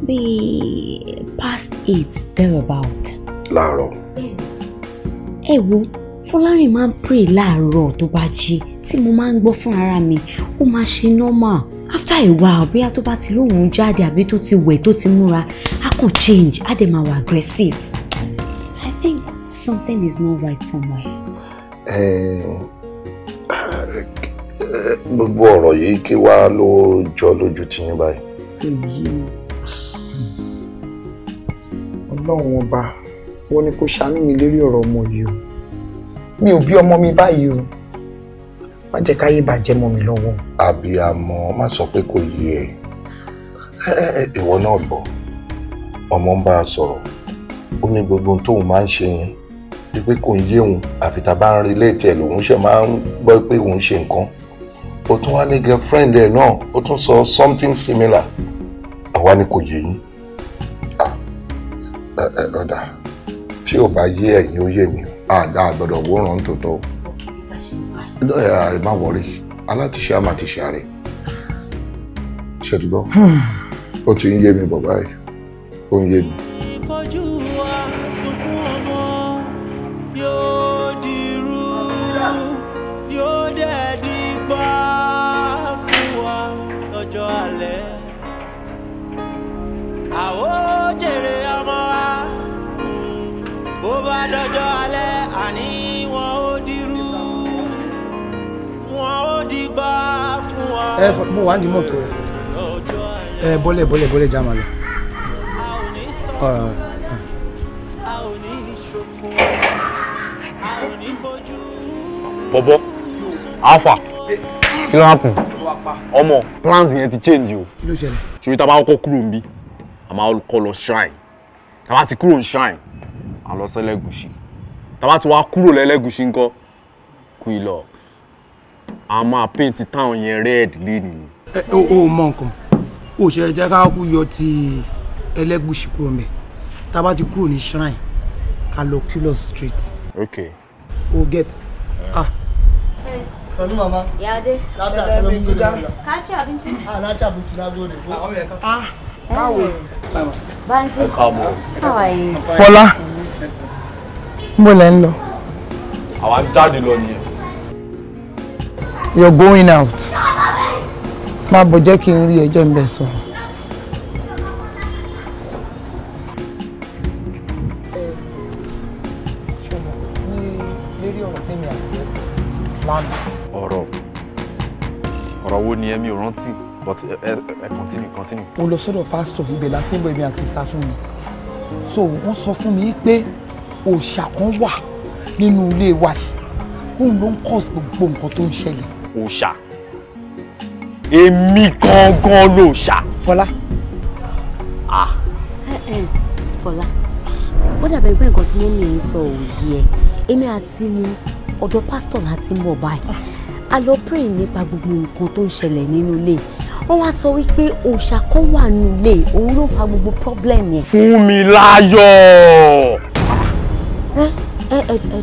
be past eight thereabout. láàárọ̀. ẹ wo Fọlárin máa ń pray láàárọ̀ tó bá jí tí mo máa ń gbọ́ fún ara mi ó máa ṣe normal after a while bóyá tó bá ti lóun jáde àbí tó ti wẹ̀ tó ti múra á kàn change á dẹ̀ máa wà aggressive I think something is not right somewhere. gbogbo ọ̀rọ̀ yìí kí wá ló jọ lójú tiyín báyìí. ọlọ́run ọba wọn ni kò ṣàánú mi lórí ọ̀rọ̀ ọmọ yìí o mi ò bí ọmọ mi báyìí o má jẹ́ káyé bàjẹ́ mọ́ mi lọ́wọ́. àbíamọ má sọ pé kò yé ẹ ìwọ náà gbọ́ ọmọ ń bá a sọ̀rọ̀ ó ní gbogbo ohun tóun máa ń ṣe yẹn wípé kò ń yé òun àfi tá bá ń rí léètì ẹ lòun ṣe máa ń gbọ́ pé òun ṣe nǹkan ó tún wá ní girlfriend ẹ náà ó tún sọ something similar àwa ni kò yé yín ọ̀dà tí ò bá yé ẹ̀yin ó yé mi àdá àgbọ̀dọ̀ wòran tòótọ́ o ẹ má wọrí alátiṣe àmà ti ṣe àrẹ ṣètùbọ hmm. ó ti ń yé mi bàbá yìí ó ń yé mi. àwọ̀ jèrè ọmọ wa bó bá dọjọ́ alẹ́. ẹ mo wà ní mọ́tò ẹ ẹ bọ́lẹ̀ bọ́lẹ̀ bọ́lẹ̀ já màá lọ. bọ́bọ́ alpha kí ló happen ọmọ plans yẹn ti change o kí ló ṣẹlẹ̀ ṣòwò tá a bá kọ́ kúrò ń bí a máa kọ́ lọ shrine tá a bá ti kúrò ń shrine a lọ sẹ́lẹ̀gùsì tá a bá ti wá kúrò lẹ́lẹ́gùsì ńkọ́ kú ìlọ a máa paint town yẹn red lẹ́nu ni. ẹ o ò mọ nǹkan o ṣe jẹ́ ká kú yọ ti ẹlẹ́gùsì kúrò mẹ́ tá a bá ti kúrò ní shrine ká lọ Kulot street. ok. o get eh. ah. Eh. Sanu mama. Yade. Labda ẹlẹ́mi gbọ́dọ̀. Káàchì àbíntì. Ah láàchì àbíntì lágbóde. Ah báwo. Eh. Bánjí. Káàbọ̀. Fọlá. Mbọ̀lẹ̀ ń lọ. Àwa ń jáde lọ nìyẹn you're going out má bọ̀ jẹ́ kí n rí ẹjọ́ ń bẹ̀ sọ̀rọ̀. ọ̀rọ̀ ọ̀rọ̀ wo ni èmi ò rántí but ẹ ẹ continue continue. mo lọ sọ́dọ̀ pastor. He be ń bọ̀ me àti sá fún mi so wọ́n sọ fún mi pé òòṣà kan wà nínú ilé wa yìí òun ló ń cause gbogbo nǹkan tó ń ṣẹlẹ̀ òòṣà èmi gangan lòòṣà. fọlá. ah. fọlá ó dàbẹ̀ pé nǹkan tí mo mi ń sọ òye ẹ̀ èmi àti mu ọ̀dọ̀ pásítọ̀ láti mọ̀ báyìí a lọ pray nípa gbogbo nǹkan tó ń ṣẹlẹ̀ nínú ilé wọ́n wá sọ wípé òòṣà kan wà nínú ilé òun ló fa gbogbo problem yẹn. fún mi láyọ̀. ẹ ẹ ẹ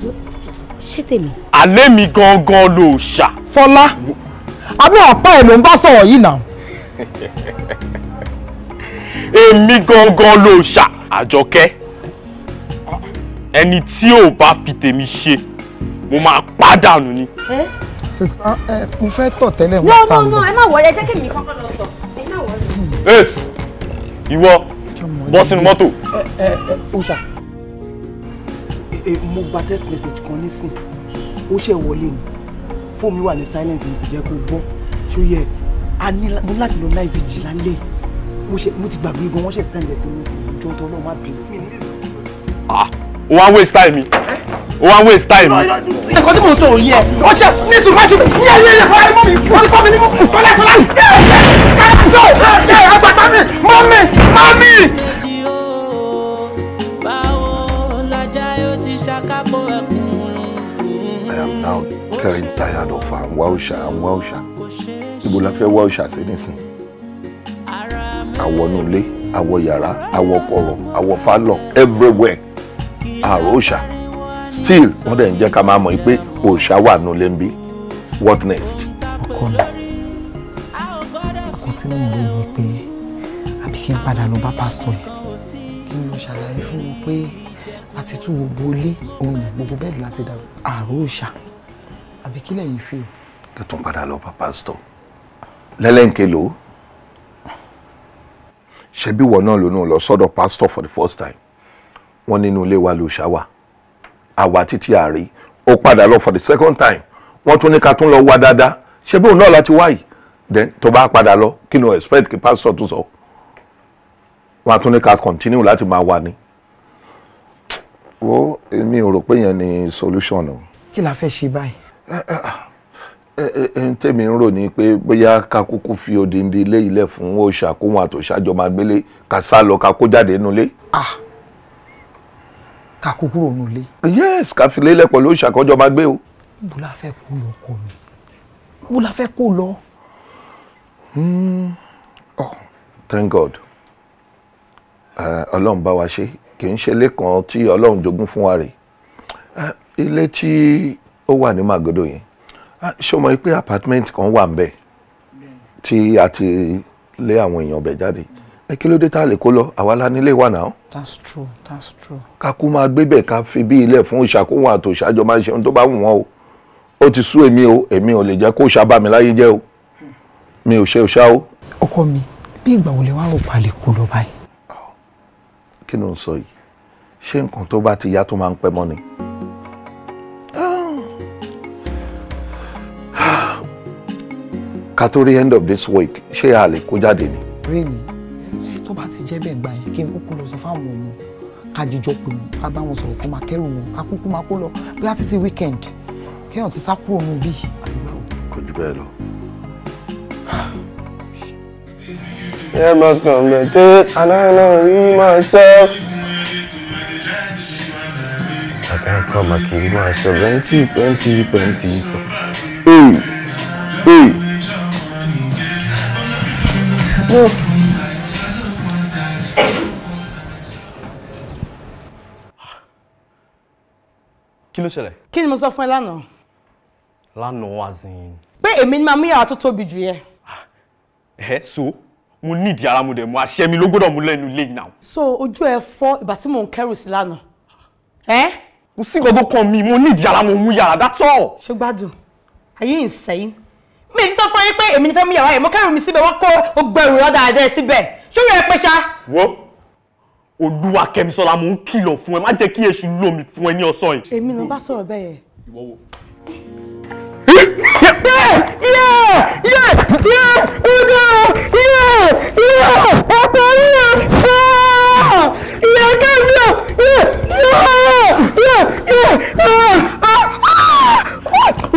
ṣé tèmi. àlẹ́ mi gangan ló ṣà. fọlá àbúrò àpá ẹ̀ ló ń bá sọ̀rọ̀ yìí náà. èmi gangan ló ṣà àjọkẹ́ ẹni tí ò bá fi tèmi ṣe mo máa pàdánù ni. sista ẹ mo fẹ́ tọ̀ tẹ́lẹ̀ mo ta lọ. ẹ má wọlé jẹ́ kí mi kọ́kọ́ lọ tọ̀ ẹ má wọlé. ace ìwọ bọ́sínú mọ́tò. ẹ ẹ ọṣà mo gba text message kan nísìn ó ṣe wọlé ni fóònù mi wà ní silence ni kò kó gbọ́ ṣó yẹ a ní mo láti lọ live vigil lálẹ́ mo ṣe mo ti gbàgbé gan wọ́n ṣe send ẹ̀sìn mi sí ìjọ náà má bí. wọ́n á waste time mi wọ́n á waste time mi. ẹ̀kọ́ tí mo sọ òye ẹ̀ ọ ṣe ní sùn má ṣe fún yàrá yẹn fọlá mọ́ mi wọ́n fọ́ mi ní mọ́ mi fọlá fọlá. ẹ ẹ ẹ agbata mi mọ́ mi mọ́ mi. tired and tired of à ń wá òòṣà à ń wá òòṣà níbo la fẹ́ wá òòṣà sí nísìn àwọ̀ nulẹ̀ àwọ̀ yàrá àwọ̀ kọ̀rọ̀ àwọ̀ pálọ̀ everywhere àrò òòṣà still wọ́n dẹ̀ ń jẹ́ ká máa mọ̀ pé òòṣà wà nulẹ̀ ń bí what next. ọkọ mi ọkọ tí mò ń wò ni pé àbí kí n padà lọ bá pásítọ̀ yẹn kí n lọ ṣàlàyé fún wọn pé I'm tún gbogbo ilé òun gbogbo bẹ́ẹ̀ láti dàrú àrò òòṣà àbí kílẹ̀ yìí fi. ẹ tún padà lọ bá pásítọ̀ lẹ́lẹ́ǹkẹ́ lò ó ṣebí wọ náà lónà lọ sọ́dọ̀ pásítọ̀ for the first time wọ́n nínú ilé wa ló ṣáwà àwa títí àárí ó padà lọ for the second time wọ́n tún ní ká tún lọ wá dáadáa ṣebí òun náà láti wáyìí then tó bá padà lọ kí ni o expect kí pásítọ̀ tún sọ wọ́n á tún ní ká continue láti máa wà ní. wo èmi ò rò pé yẹn ni solution o. kí la fẹ́ ṣe báyìí ẹni eh, eh, eh, tèmi ń rò ní pé bóyá ká kúkú fi odindi ilé ilẹ̀ fún òòṣà kóhun àtòṣàjọ máa gbélé ká sá lọ ká kó jáde nulẹ̀. ah ká kó kúrò nulẹ̀. yes ká fi lélẹ̀ pẹ̀lú òòṣà kọjọ máa gbé o. bó la fẹ́ kó lọ kọ mi bó la fẹ́ kó lọ. Hmm. oh thank god ọlọ́run bá wa ṣe kì í ṣe ilé kan tí ọlọ́run jogún fún wa rè ilé tí ó wà ní Màgódò yẹn ṣé o mọ̀ pé apartment kan wà ń bẹ̀ tí a ti lé àwọn èèyàn bẹ̀ jáde ẹ kí ló dé tá a lè kó lọ àwa nílé wà náà. that's true that's true. ká kú máa gbé bẹ́ẹ̀ ká fi bí ilẹ̀ fún ìṣàkóhun àtòṣàjọ máa ṣe ohun tó bá wù wọ́n o ó ti sú èmi o èmi ò lè jẹ́ kó ṣàbà mi láyé jẹ́ o mi ò ṣe òṣà o. ọkọ mi bí ìgbà wo lè wá rò pa lè kú lọ báyìí. kí ló ń sọ yìí ṣé nǹkan tó bá ti yá tó máa ń pẹ́ mọ́ ni. kátórí end of this week ṣé a lè kó jáde ni. really tó bá ti jẹ́ bẹ́ẹ̀ gbà yẹn kí n kúkú lọ sọ fáwọn ọmọ ká jíjọ pé wọn ká bá wọn sọ̀rọ̀ kó máa kẹ́rù wọn ká kúkú máa kó lọ bí á títí weekend kéèyàn ti sá kúrò nù bí. kò jù bẹ́ẹ̀ lọ. never committed and I know you myself. I can't come, I kill myself. Plenty, plenty, plenty. Hey, hey move. kí ló ṣẹlẹ̀. kí ni mo sọ fún ẹ lánàá. lánàá as in. pé èmi ni màá yàrá tó tóbi jù yẹ. Ah, ẹ so mo nídìí ara mo dẹ̀ mo àṣẹ mi ló gbọ́dọ̀ mú lẹ́nu ilé yìí náà. so ojú ẹ fọ́ ìgbà tí mò ń kẹ́rù sí lánàá. ẹ. kò sí nǹkan kàn mí mo nídìí ara mo mú yàrá that's all. ṣé gbádùn are you insane? mi ti sọ fún yín pé èmi ni fẹ́ mú yàrá yẹn mo kẹ́rù mi síbẹ̀ wọ́n kó gbogbo ẹrù lọ́dà àdẹ́ síbẹ̀ ṣó yẹ pé ṣá. wo olúwa kẹmisọlá mò ń kìlọ̀ fún ẹ má jẹ́ kí èṣù lò mí fún ẹ ní ọ̀sán yìí. èmi ló bá sọ̀rọ̀ bẹ́ẹ̀ yẹn. ìwọ wo. Yeah!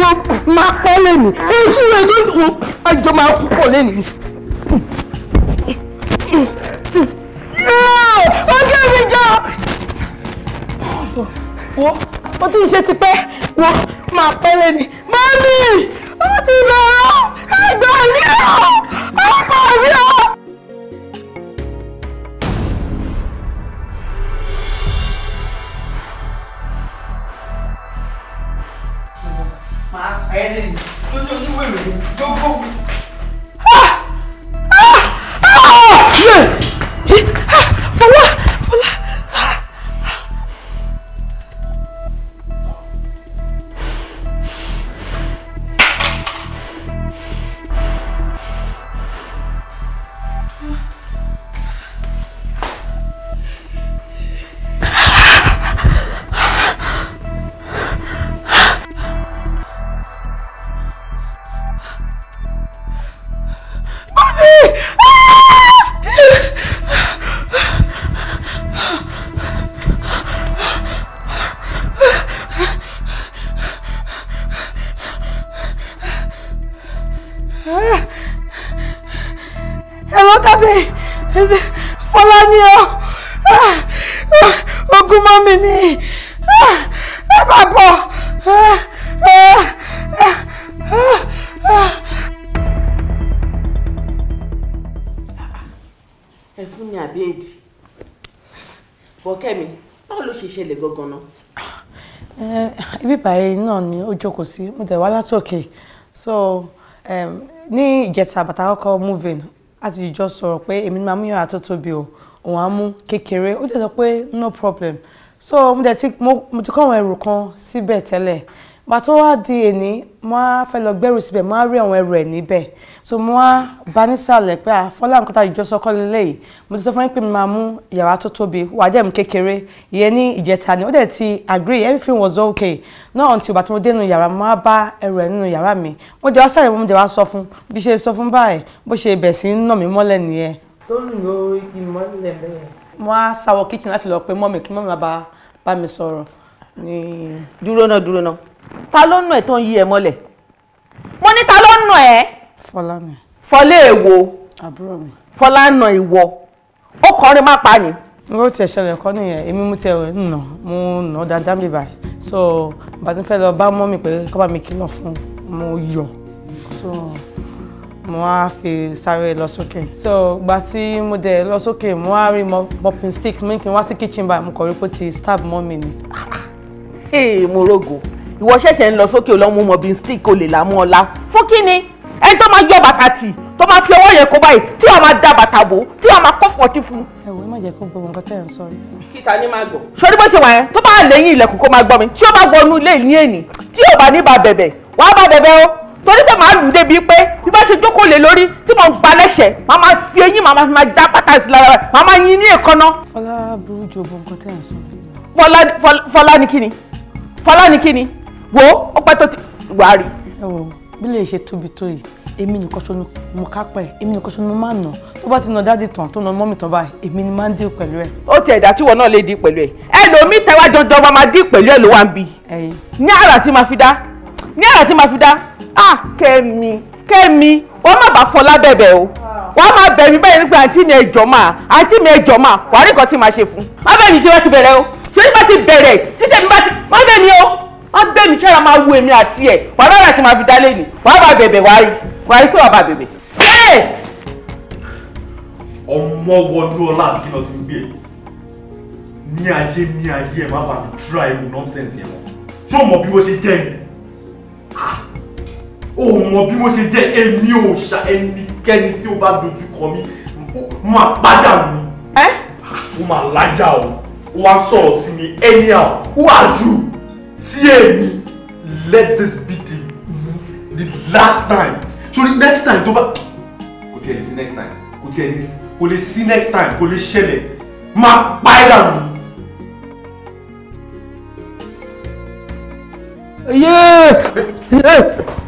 wọ́n máa pọ́ lẹ́nu èsì rẹ̀ tó wọ́n àjọ máa fún pọ̀ lẹ́nu. ọjọ́ mi jọ. wọ́n ó ti ń ṣe tipẹ́ wọ́n máa pẹ́ lẹ́nu. mami ó ti lọ ẹgbẹ́ mi ó ọkọ mi ó. jókòó sí mo tẹ̀ wá látòkè so ní ìjẹta bàtà kọ́kọ́ moving láti jọ sọ̀rọ̀ pé èmi máa mú yàrá tó tóbi o òun á mú kékeré ó dẹ̀ sọ pé no problem so mo tẹ̀ ti mo ti kọ́ àwọn ẹrù kan síbẹ̀ tẹ́lẹ̀ gbà tó wá di èní mo á fẹ́ lọ gbẹ́rù síbẹ̀ mo á rí àwọn ẹrù ẹ̀ níbẹ̀ so mo á bá nísàlẹ̀ pé àfọlá nǹkan tá a jọ sọ́kọ́ lélẹ́yìí mo ti sọ fún yín pé mo máa mú yàrá tó tóbi wà á jẹ́ mi kékeré ìyẹn ní ìjẹta ni ó dẹ̀ ti agree everything was okay náà ọ̀n ti ìgbà tí mo dé nínú yàrá mo á bá ẹrù ẹ̀ nínú yàrá mi mo jẹ́ wá sáré mo jẹ́ wá sọ fún bí ṣe sọ fún báyìí bó ṣe bẹ̀ sí nà mí mọ́lẹ̀ nìyẹn. tó lù lórí kí mọ́lẹ̀ bẹ́ẹ̀. mo á sáwọ kíchìn láti lọ pé mọ́mì kí mọ́mì bá mi sọ̀rọ̀ ní. dúró náà ta ló nù ẹ tó ń yí ẹ mọ́lẹ̀ mo ní ta ló nù ẹ. fọlá mi. fọlá èwo. àbúrò mi. fọlá nà ìwọ ó kọrin má pa ni. mo tiẹ̀ ṣẹlẹ̀ kọ́ nìyẹn èmi mo tiẹ̀ nà mo nà dáadáa mi báyìí so bàtí fẹ́ lọ bá mọ́ mi pé kọ́ bá mi kìlọ̀ fún mo yọ̀ so mo wá fi sáré lọ sókè so gba tí mo dẹ̀ lọ sókè mo wá rí mopping stick mi kí n wá sí kitchen báyìí mo kọ̀ rí pé ti stab mọ́ mi ni. Ah, ah. ee mo rogo ìwọ ṣẹ̀ṣẹ̀ ń lọ sókè ọlọ́mú mọ̀bìn stick olè lámú ọlá fún kínni ẹni tó máa yọ bàtà tì tó máa fi ọwọ́ yẹn kó báyìí tí wọ́n máa da bàtà bò tí wọ́n máa kọ́ fọ́tí fún. ẹ wò ó má jẹ́ kó gbogbo nǹkan tẹ́ ń sọ rí. kíta ni máa gbọ́. sori bó ṣe wà yẹn tó bá lẹ́yìn ilẹ̀kùn kó máa gbọ́ mi tí ó bá gbọnú ilé ní tí yóò bá ní bá bẹ̀bẹ̀ wà bá bẹ̀bẹ̀ o torí pé màá lù ú débi pé bí bá ṣe jókòó lé lórí tí mò ń gba lẹ́sẹ̀ màá máa fi eyín màá máa dá pátá sí lára màá máa yin ní èkánná. fọlá burú ju nǹkan tẹ́ ń sọ. fọlá ni kíni fọlá ni kíni wo ọpẹ́ tó ti wà á rí. ẹ wò bí lè ṣe tóbi tó yìí èmi nìkan ṣoṣo mo kápá ẹ èmi nìkan ṣoṣo mo máa nà tó bá ti nà dáàdì tán tó nà mọ́mì tán báyìí èmi ni máa ń dì pẹ̀lú ẹ. ó ti ẹ̀dá tíwọ náà lè dì pẹ̀lú ẹ ẹlòmíì tẹwàá dandan wa máa dì pẹ̀lú ẹ ló wà ń bi. ní àrà tí máa fi dá ní àrà tí máa fi dá ah kẹ́mi kẹ́mi wọ́n má bàa fọlá bẹ̀bẹ̀ o wọ́n máa bẹ̀ mí bẹ́ẹ̀ nípa àǹtí mi ẹ̀jọ̀ máa àǹtí mi ẹ̀jọ̀ máa wàá rí nǹkan tí màá ṣe fún un. má bẹ́ẹ̀ ni tí wọ́n ti bẹ̀rẹ̀ o ṣé tí bá ti bẹ̀rẹ̀ títẹ̀ mi bá ti má bẹ́ẹ̀ ni o wọ́n gbé mi ṣẹ́ra máa wo èmi àti ẹ̀ wàá rárá tí màá fi dálé ni wàá bá bẹ̀bẹ̀ wàá rí wàá rí pé wàá bá bẹ̀bẹ̀. ọmọ wọlú ọlá àbí náà ti ń gbé ní ayé ní ayé ẹ má bàa fi dúrà irú nọ́nsẹ̀nsì ẹ̀ wọ́n ṣé o mọ bí wọ́n ṣe jẹ́ ni o mọ bí wọ́n ṣe jẹ́ èmi ò ṣà ẹnikẹ́ni tí o bá dojú kọ mi máa padà mi ó máa láyà o wá sọ̀rọ̀ sí mi anyhow who are you sí èmi let this be the the last time so next time tó bá kò tiẹ̀ lè sí next time kò tiẹ̀ lè sí kò lè next time kò lè ṣẹlẹ̀ máa pa ẹ́ dànù. Yeah!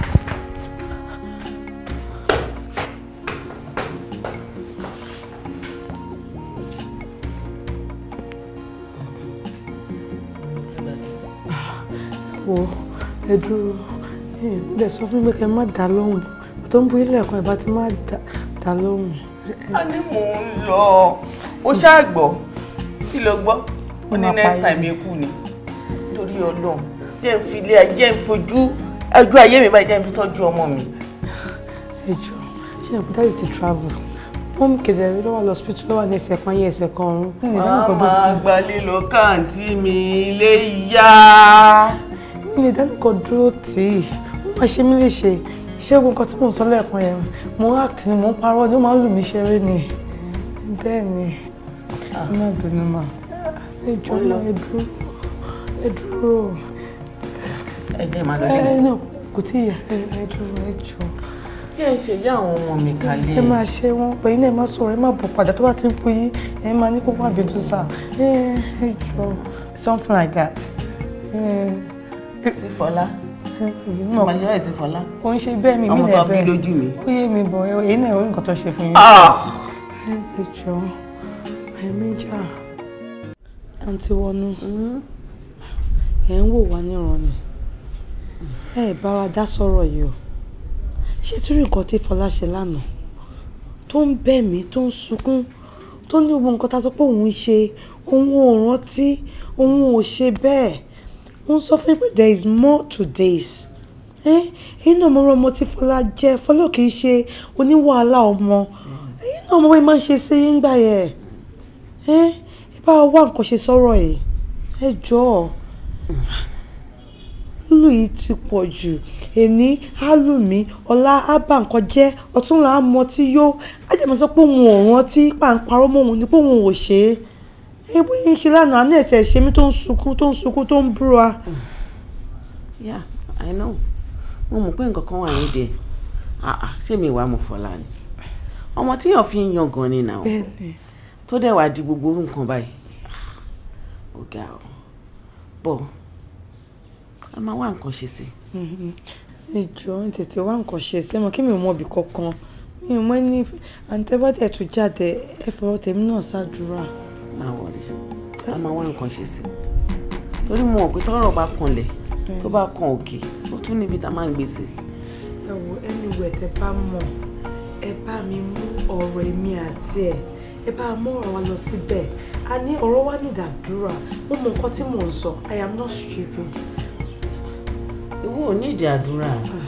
wò ẹ dúró ẹ dẹ̀ sọ fún mi pé kẹ́ má dá lóhùn tó ń bu ilé ẹ̀kọ́ ìbá ti má dá lóhùn. a ní mò ń lọ ó ṣáà gbọ́ kí ló gbọ́ ó ní next time ikú ni torí ọlọ́run jẹ́ ń fi ilé ayé jẹ́ ń fojú ojú ayé mi báyìí jẹ́ ń fi tọ́jú ọmọ mi. ẹ jọ ṣé ẹ kú dáàbò ti travel wọ́n mú kẹ̀dẹ̀rẹ́ lọ́wọ́ lọ hospital lọ́wọ́ ní ẹsẹ̀ kan yé ẹsẹ̀ kan ọ̀run. a máa gbalé lọ káàntì mi ilé yá mi lè dá nìkan dúró tì í ó máa ṣe mí léṣe iṣẹ́ ogun kan tí mò ń sọ lẹ́ẹ̀kan yẹn mo act ni mo ń parọ́ ni ó máa ń lù mí ṣeré ni bẹ́ẹ̀ ni ah. má bínú mà ẹ jọ̀ọ́ ẹ dúró máa lọ lé ẹ náà kò tí ì yá ẹ dúró kí ẹ ṣe yá àwọn ọmọ mi kalẹ̀. ẹ máa ṣe wọn pẹ̀lú ẹ máa sọ̀rọ̀ ẹ máa bọ̀ padà tó bá ti ń pu yín ẹ máa ní kó wà bínú sá ẹ jọ̀ọ́ something like that. Yeah sí Fọlá mo máa ṣe báyìí sí Fọlá. kò ń ṣe bẹ́ẹ̀ mi nílẹ̀ bẹ́ẹ̀ ọmọ tó bí lójú mi. ó yé mi bọ̀ èyí náà orí nǹkan tó ṣe fún yín. Ah! ẹ jọ ẹ̀mí jà àǹtí wọnú mm-hmm. ẹ̀ ń wò wá níran ni ẹ bá wa dá sọ̀rọ̀ yìí o ṣé torí nǹkan tí Fọlá ṣe lánàá tó ń bẹ̀ mí tó ń sunkún tó ní gbogbo nǹkan tá a sọ òun ṣe òun ò rántí òun ò ṣe bẹ́ẹ̀ wọ́n sọ fún pé there is more to this ẹ̀yin náà mo rọ ọmọ tí fọlá jẹ́ fọlá kì í ṣe oníwàhálà ọmọ ẹ̀yin náà ọmọ yẹn máa ń ṣe sí nígbà yẹn ẹ bá wá nǹkan ṣe sọ̀rọ̀ yìí ẹ jọ̀ọ́ lù yìí ti pọ̀ jù èní á lù mí ọ̀la á bà nǹkan jẹ́ ọ̀túnla á mọtí yó á dẹ̀ máa sọ pé òun ò rántí pàǹparọ́ mọ́ òun ni pé òun ò ṣe é ẹ bó yín ṣe lánàá àánú ẹ̀tẹ̀ ṣe mí tó ń sunkún tó ń sunkún tó ń búra. yeah i know mo mọ̀ pé nǹkan kan wà nídìí ẹ̀ ah, ah, ṣé mi ìwà mo fọlá ni ọmọ tíyàn fi ń yan gan ni nà ó tó dẹ̀ wá di gbogbo orú nǹkan báyìí ah, ó ga ọ bọ̀ a máa wá nǹkan ṣe sí. ìjọ mm-hmm. ń tètè wá nǹkan ṣe sí ẹ mọ kí mi ò mọ ibì kankan mi ò mọ ẹni àǹtẹ́bọ́tẹ̀ tó jáde ẹ fọwọ́ tèmi náà ṣáàdúrà má wọrí a máa wá nǹkan ṣe sí torí mo mọ̀ pé tọ́rọ̀ bá kanlẹ̀ tó bá kan òkè ó tún níbi tá a máa ń gbé sí. ẹ wo anywhere tẹ bá mọ ẹ bá mi mú ọ̀rọ̀ èmi àti ẹ ẹ bá mú ọ̀rọ̀ wa lọ síbẹ̀ a ní ọ̀rọ̀ wa ní ìdàdúrà mo mọ nǹkan tí mò ń sọ i am not stupid. ìwọ ò ní ìdí àdúrà. Ah,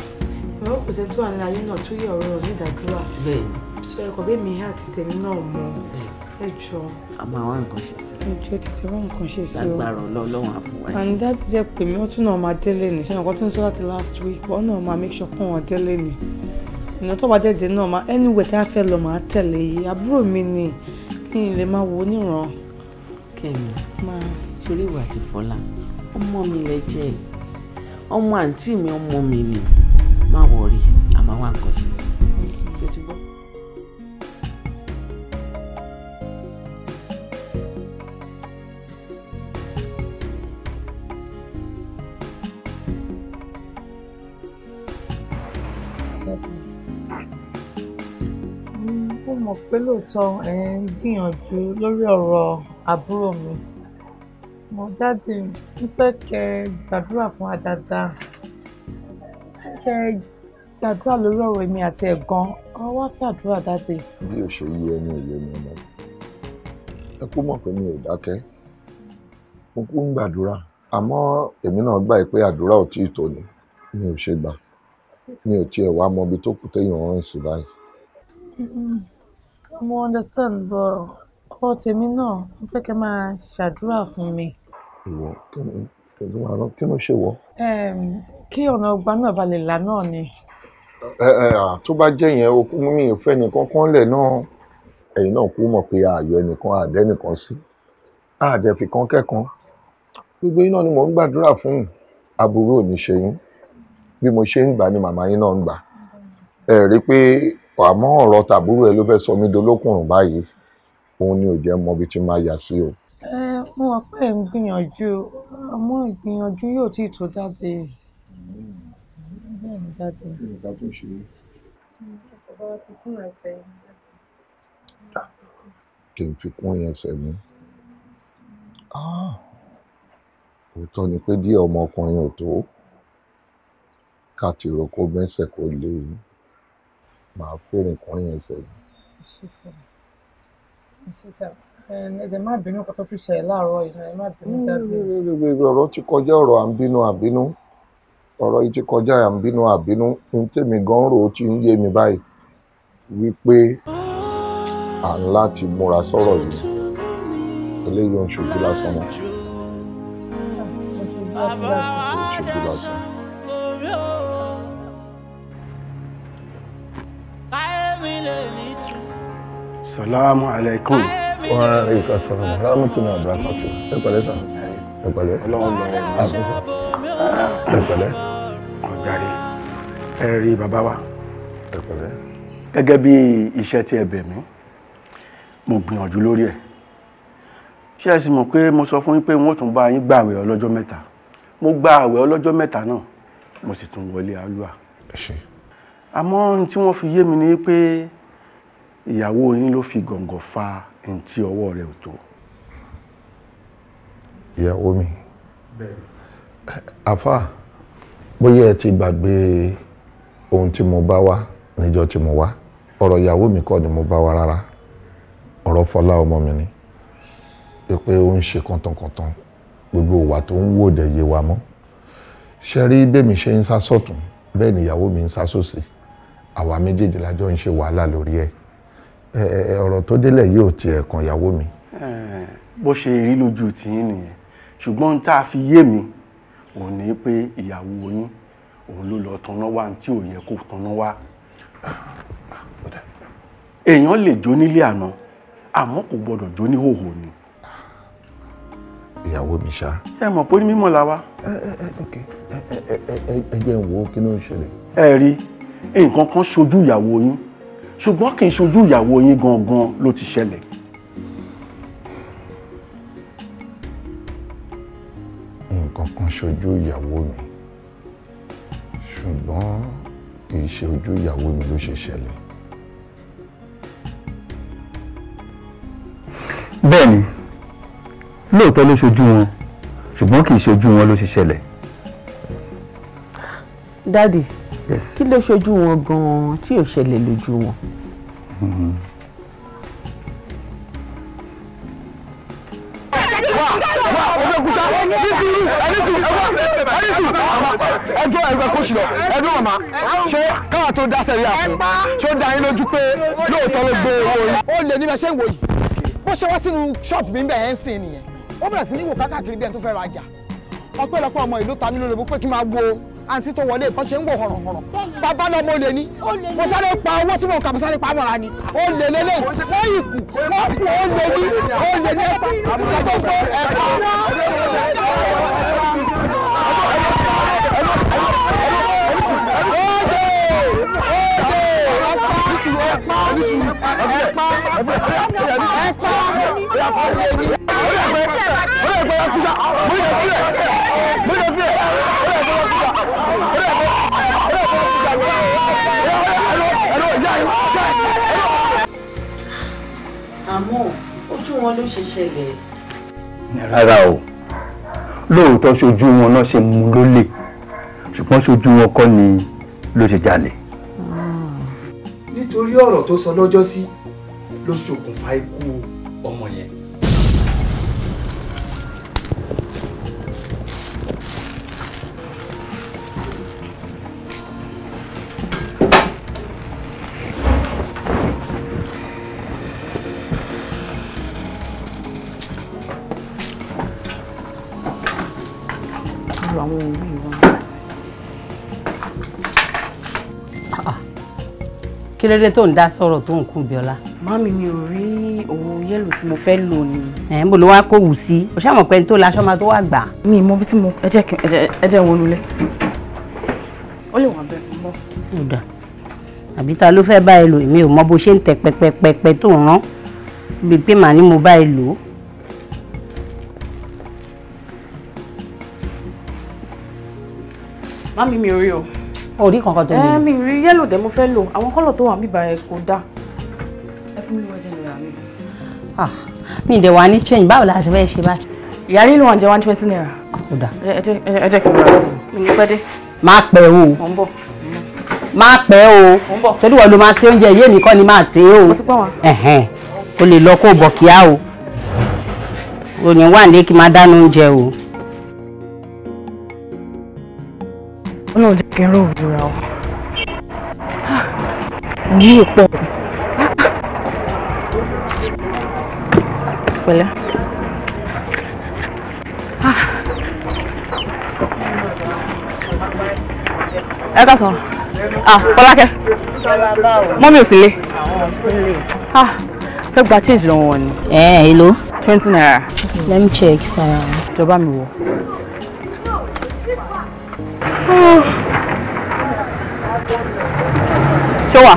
ìwọ kò sẹ́ni tó wà ní ayé náà tó yẹ ọ̀rọ̀ ní ìdàdúrà. bẹ́ẹ̀ sọ ẹ̀kọ́ bẹ́ẹ̀ mi hà ti tèmi náà mọ́. bẹ́ẹ̀ ẹ jọ. a máa wá nǹkan ṣe sí. ẹ jọ tètè wá nǹkan ṣe sí o. lágbára ọlọ́run àfọwọ́ ṣe. and dad jẹ́ pé mi ó tún náà máa délé ni ṣẹ́yìn ọkọ tó ń sọ láti last week wọ́n náà máa make sure pé wọ́n délé ni. ìnà tó bá dẹ̀dẹ̀ náà máa anywhere tá a fẹ́ lọ máa tẹ̀lé yìí àbúrò mi ni kí n lè máa wo oníran. kẹ́mi sórí ìwà àti fọlá ọmọ mi lẹ jẹ́ ọmọ àǹtí mi ọmọ mi ni má wọrí àmọ́ wá nǹkan ṣe sí mọ̀ pé lóòótọ́ ẹ̀ ń gbìyànjú lórí ọ̀rọ̀ àbúrò mi mo jáde ń fẹ́ kẹ́ ẹ gbàdúrà fún wa dáadáa kẹ́ ẹ gbàdúrà lórí ọ̀rọ̀ èmi àti ẹ̀gan ọ wá fàdúrà dáadé. bí o ṣe yí ẹni ìyẹn mi mọ ẹ kú mọ̀ pé mi ò dákẹ́ mo kú ń gbàdúrà àmọ́ èmi náà gbà pé àdúrà ò tí ì tó ni mi ò ṣe gbà mi ò tiẹ̀ wá mọ ibi tó kù téèyàn rìn sí báyìí mo understand but ọwọ́ tèmi náà mo fẹ́ kẹ́ máa ṣàdúrà fún mi. ìwọ kí ni pẹ̀lú àrùn kí ló ṣe wọ́. kí ọ̀nà ọgbà náà bá lè là náà ni. tó bá jẹ́ yẹn okú mi ìfẹ́ nìkan kan lẹ̀ náà ẹ̀yin náà kú mọ̀ pé ààyò ẹnìkan àdé nìkan sí àdé fi kan kẹ́kan gbogbo yín ni mò ń gbàdúrà fún aburú ò ṣe yín bí mo ṣe ń gbà ni màmá yín náà ń gbà ẹ rí pé àmọ́ ọ̀rọ̀ tàbúrò ẹ ló fẹ́ sọ mí dolókùnrùn báyìí òun ni ò jẹ́ mọ ibi tí máa yà sí o. ẹ mo mọ̀ pé ẹ ń gbìyànjú ọmọ ìgbìyànjú yóò tí ì tó dáde. kí n fi kún ẹsẹ̀ mi ah, òótọ́ ni pé díẹ̀ ọmọkùnrin ò tó ká tìrókó mẹ́sẹ̀ kó lé yìí. E màá fèrè nǹkan yẹn ṣẹlẹ̀. ẹ̀ẹ́dẹ̀ má bínú kó tó tún ṣe láàárọ̀ yìí ẹ má bínú dábìí. Mm, mm, mm, ọ̀rọ̀ ti kọjá ọ̀rọ̀ à ń bínú àbínú ọ̀rọ̀ yìí ti kọjá à ń bínú àbínú ní tèmi gan rò ó ti ń yé mi báyìí wípé à ń láti múra sọ̀rọ̀ yìí eléyìí ò ń ṣojú lásán mọ́. Bàbá wa dá sọ. salamu alaikum. wa alaikum salam rahmatulahi wa barakatu. ẹ pẹ̀lẹ́ sàn ẹ pẹ̀lẹ́. Ọlọ́run lọ ẹ pẹ̀lẹ́. ọjàre ẹ rí bàbá wa. ẹ pẹ̀lẹ́. gẹ́gẹ́ bí iṣẹ́ tí ẹ bẹ̀ mí mo gbìyànjú lórí ẹ̀ ṣé ẹ sì mọ̀ pé mo sọ fún yín pé wọ́n tún bá yín gbààwẹ̀ ọlọ́jọ́ mẹ́ta mo gba àwẹ̀ ọlọ́jọ́ mẹ́ta náà mo sì tún wọlé àlùwà. àmọ́ tí wọ́n fi yé mi ni pé ìyàwó yín ló fi gọ̀ǹgọ̀ fa ẹni tí ọwọ́ rẹ̀ ò tó. ìyàwó mi àfa bóyá ẹ ti gbàgbé ohun tí mo bá wá níjọ́ tí mo wá ọ̀rọ̀ ìyàwó mi kọ́ ni mo bá wá rárá ọ̀rọ̀ fọlá ọmọ mi ni pé ó ń ṣe kọ̀tànkọ̀tàn gbogbo ìwà tó ń wò dẹ̀ yé wa mọ́ ṣe rí bẹ́ẹ̀ ṣe ń sá sọ̀tún bẹ́ẹ̀ ni ìyàwó mi ń sá sósì àwa méjèèjì lájọ́ ń ṣe wàhálà lórí ẹ̀ ọ̀rọ̀ tó délẹ̀ yóò tiẹ̀ kan ìyàwó mi. bó ṣe rí lójú tìyín nìyẹn ṣùgbọ́n tá a fi yé mi òun ní pé ìyàwó yín òun ló lọ tanná wá tí ò yẹ kó tanná wá. èèyàn lè jó nílé àná àmọ́ kò gbọ́dọ̀ jó ní hòhò ni. ìyàwó mi ṣá. ẹ mọ̀ pé ní mímọ̀ la wa. ẹ jẹ́ ń wo kí ló ń ṣẹlẹ̀. ẹ rí nǹkan kan ṣojú ìyàwó yín ṣùgbọ́n kì í ṣojú ìyàwó yín gangan ló ti ṣẹlẹ̀. nǹkan kan ṣojú ìyàwó mi ṣùgbọ́n kì í ṣe ojú ìyàwó mi ló ṣe ṣẹlẹ̀. bẹ́ẹ̀ni lóòótọ́ ló ṣojú wọn ṣùgbọ́n kì ṣojú wọn ló ṣe ṣẹlẹ̀. dádì kí ló ṣojú wọn gan-an tí ò ṣẹlẹ̀ lójú wọn. ẹjọ́ ẹgbẹ́ kó ṣùlọ ẹdún màmá ṣé káà tó dá sẹ́yà fún ṣé ó dá yín lójú pé lóòótọ́ ló gbé owó yín. ó lè níbẹ̀ ṣé ń wò yìí bó ṣe wá sínú ṣọ́ọ̀bù mi bẹ́ẹ̀ ń sìn nìyẹn ó bẹ̀rẹ̀ sí ní wò káàkiri bí ẹni tó fẹ́ rajà ọpẹ́lọpẹ́ ọmọ ìlú ta mí lólobó pé kí n máa wo àǹtí tó wọlé ìkan ṣe ń wò họ̀rọ̀họ̀rọ̀ bàbá lọmọ olè ni mo sáré pa owó tí mo kà mo sáré pa mọ́ra ni ó lè lélẹ̀ ó yìí kù ó kù ó lè ní ó lè ní ẹ̀pà àbújá tó ẹ̀pà. ẹ̀pà ẹ̀pà ẹ̀pà ẹ̀pà àmọ́ rárá o lóòótọ́ ṣojú wọn náà ṣe mú lólè ṣùgbọ́n ṣojú wọn kọ́ ni ló ṣe jalè. nítorí ọ̀rọ̀ tó sọ lọ́jọ́ sí ló ṣokùnfà ikú ọmọ yẹn. kí ló dé tó ń dá sọ̀rọ̀ tó ń kú bíọ́lá. mami mi ò rí owó yẹ́lò tí mo fẹ́ lò ni. ẹ̀ ń bò ló wá kó wù sí o ṣàmọ̀ pé n tó laṣọ máa tó wà gbà. mi mọ bí tí mo ẹ jẹ́ kí ẹ jẹ́ wọn lulẹ̀ ó lè wà bẹ́ẹ̀ mọ́. ó dà àbí ta ló fẹ́ bá ẹ lò èmi ò mọ bó ṣe ń tẹ pẹpẹpẹpẹ tó rán bíi pé màá ní mo bá ẹ lò mami mi ò rí o orí kankan tó lè lò. mi rí yẹ́lò dẹ̀ mo fẹ́ lò àwọn kọ́lọ̀ tó wà mí bàyẹ̀ kò dáa ẹ fún mi ní ọjà náírà mi. Ah, mi ìdẹ̀ wà ní change báwo la ṣe fẹ́ ṣe báyìí. ìyá lílo wọn jẹ one twenty naira. kò dáa. ẹ jẹ́ kí n rà mí ní pẹ́dé. má pẹ́ o. mo ń bọ̀. má pẹ́ o. torí wọn ló máa ṣe oúnjẹ yé mi kọ́ ni máa ṣe o. mo ti pọ̀ wọn. o lè lọ kó bọ̀ kíá o. òyìn wà ní kí n máa dáná oúnjẹ o. ọlọ́run kẹrọ òwúra ah, o ní ìpọ pẹ̀lẹ́. Ah. ẹ ká sọ ah Fọlákẹ́ mọ́mí ò sí lé ah fẹ́ gba change lọ́wọ́ ni. ẹ ẹ èlò. twenty naira. let me check fara. jọba mi wò. Oh. Ah. tó wà.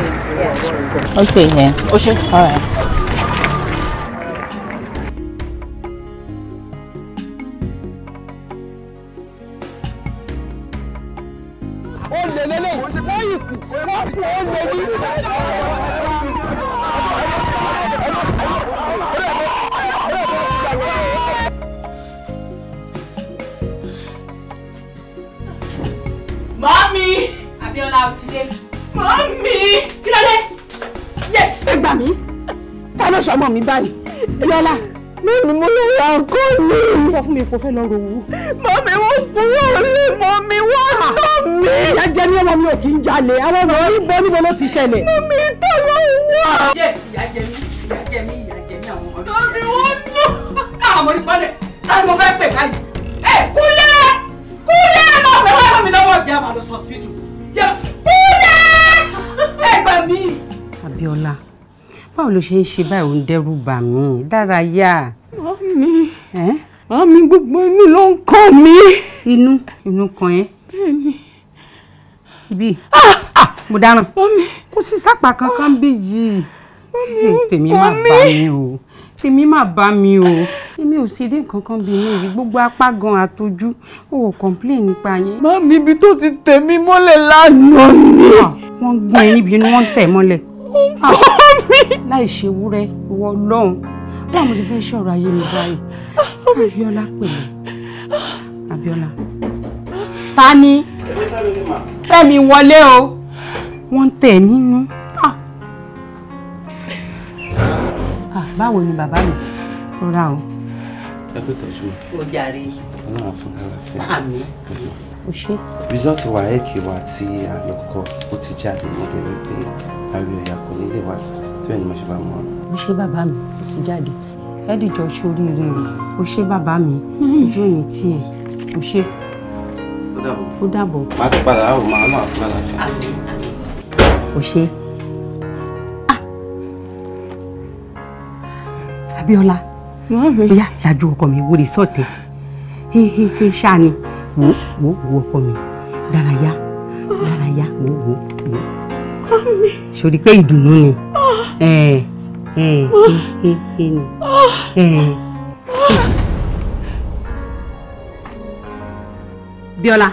kó fẹ́ lọ rowó. mọ̀mí wọ́n gbowó mi mọ̀mí wọ́n lọ ah, mi. ìyá jẹ ní ọmọ mi ò kì í jalè àwọn ọmọ mi bọ́ níbo ló ti ṣẹlẹ̀. mọ̀mí tọ́lọ́ wà. ìyá jẹ mí ìyá jẹ mí ìyá jẹ mí àwọn ọmọ mi. mọ̀mí wọ́n lọ. àwọn ọmọ nípa dẹ̀ táwọn mo fẹ́ pè báyìí. ẹ kúlẹ̀ kúlẹ̀ máa fẹ́ wá lọ́mi lọ́wọ́ jẹ́ àmà lọ sọ́sibítù. kúlẹ̀ ẹ gbà mí. Abíọ́lá báwo ló ṣe ń ṣe báyìí ò ń dẹ́rù bà mí dárayá. mọ́mí. ẹ́ àmì gbogbo inú ló ń kàn mí. inú inú kan ẹ. bẹ́ẹ̀ni. ibi ah, ah! Ah, mo dáràn kò sí sápà kankan bí yìí tèmi má bá mi o tèmi má bá mi o èmi ò sì rí nǹkan kan bí inú yìí gbogbo apá gan àtọjú o complain nípa yẹn. má mi ibi tó ti tẹ̀ mí mọ́lẹ̀ lánàá ni. wọ́n gún ẹyin ibi ni wọ́n tẹ̀ mọ́lẹ̀. ó ń kọ́ mi. láì ṣe wúrẹ́ ìwọ ọlọ́run báwo mo ti fẹ́ ṣọ̀rọ̀ ayé mi báyìí. Abiola, pè mí. Abíọ́lá. Ta ni? Fẹ́mi wọlé o. Wọ́n ń tẹ̀ nínú. Ah. Ah, báwo ni bàbá mi? Rọra o. Ẹ pé tọ́jú. Ó jàre. Ọlọ́run fún àlàáfíà. Àmín. O ṣe. Result wa ẹ̀kì wa tí a lọ kọ́ ó ti jáde nílé wípé Arioya kò nílé wa tó yẹ mo ṣe bá mọ́ Mo ṣe bàbá mi, ó ti jáde ẹ dìjọ ṣoríire rẹ o ṣé bàbá mi ojú òní tiẹ̀ o ṣé. ó dàbọ̀. má ti padà láwùjọ máa ń lọ àfúrà láfíà. o ṣé. Ah! Abíọ́lá bóyá yàjú ọkọ mi wò lè sọ̀tẹ̀ hehehe ṣáà ni wò wò wò ọkọ mi dárayá dárayá wò wò wò sori pé ìdùnnú ni ah! ẹ ẹ ẹ ẹ ni. Biola,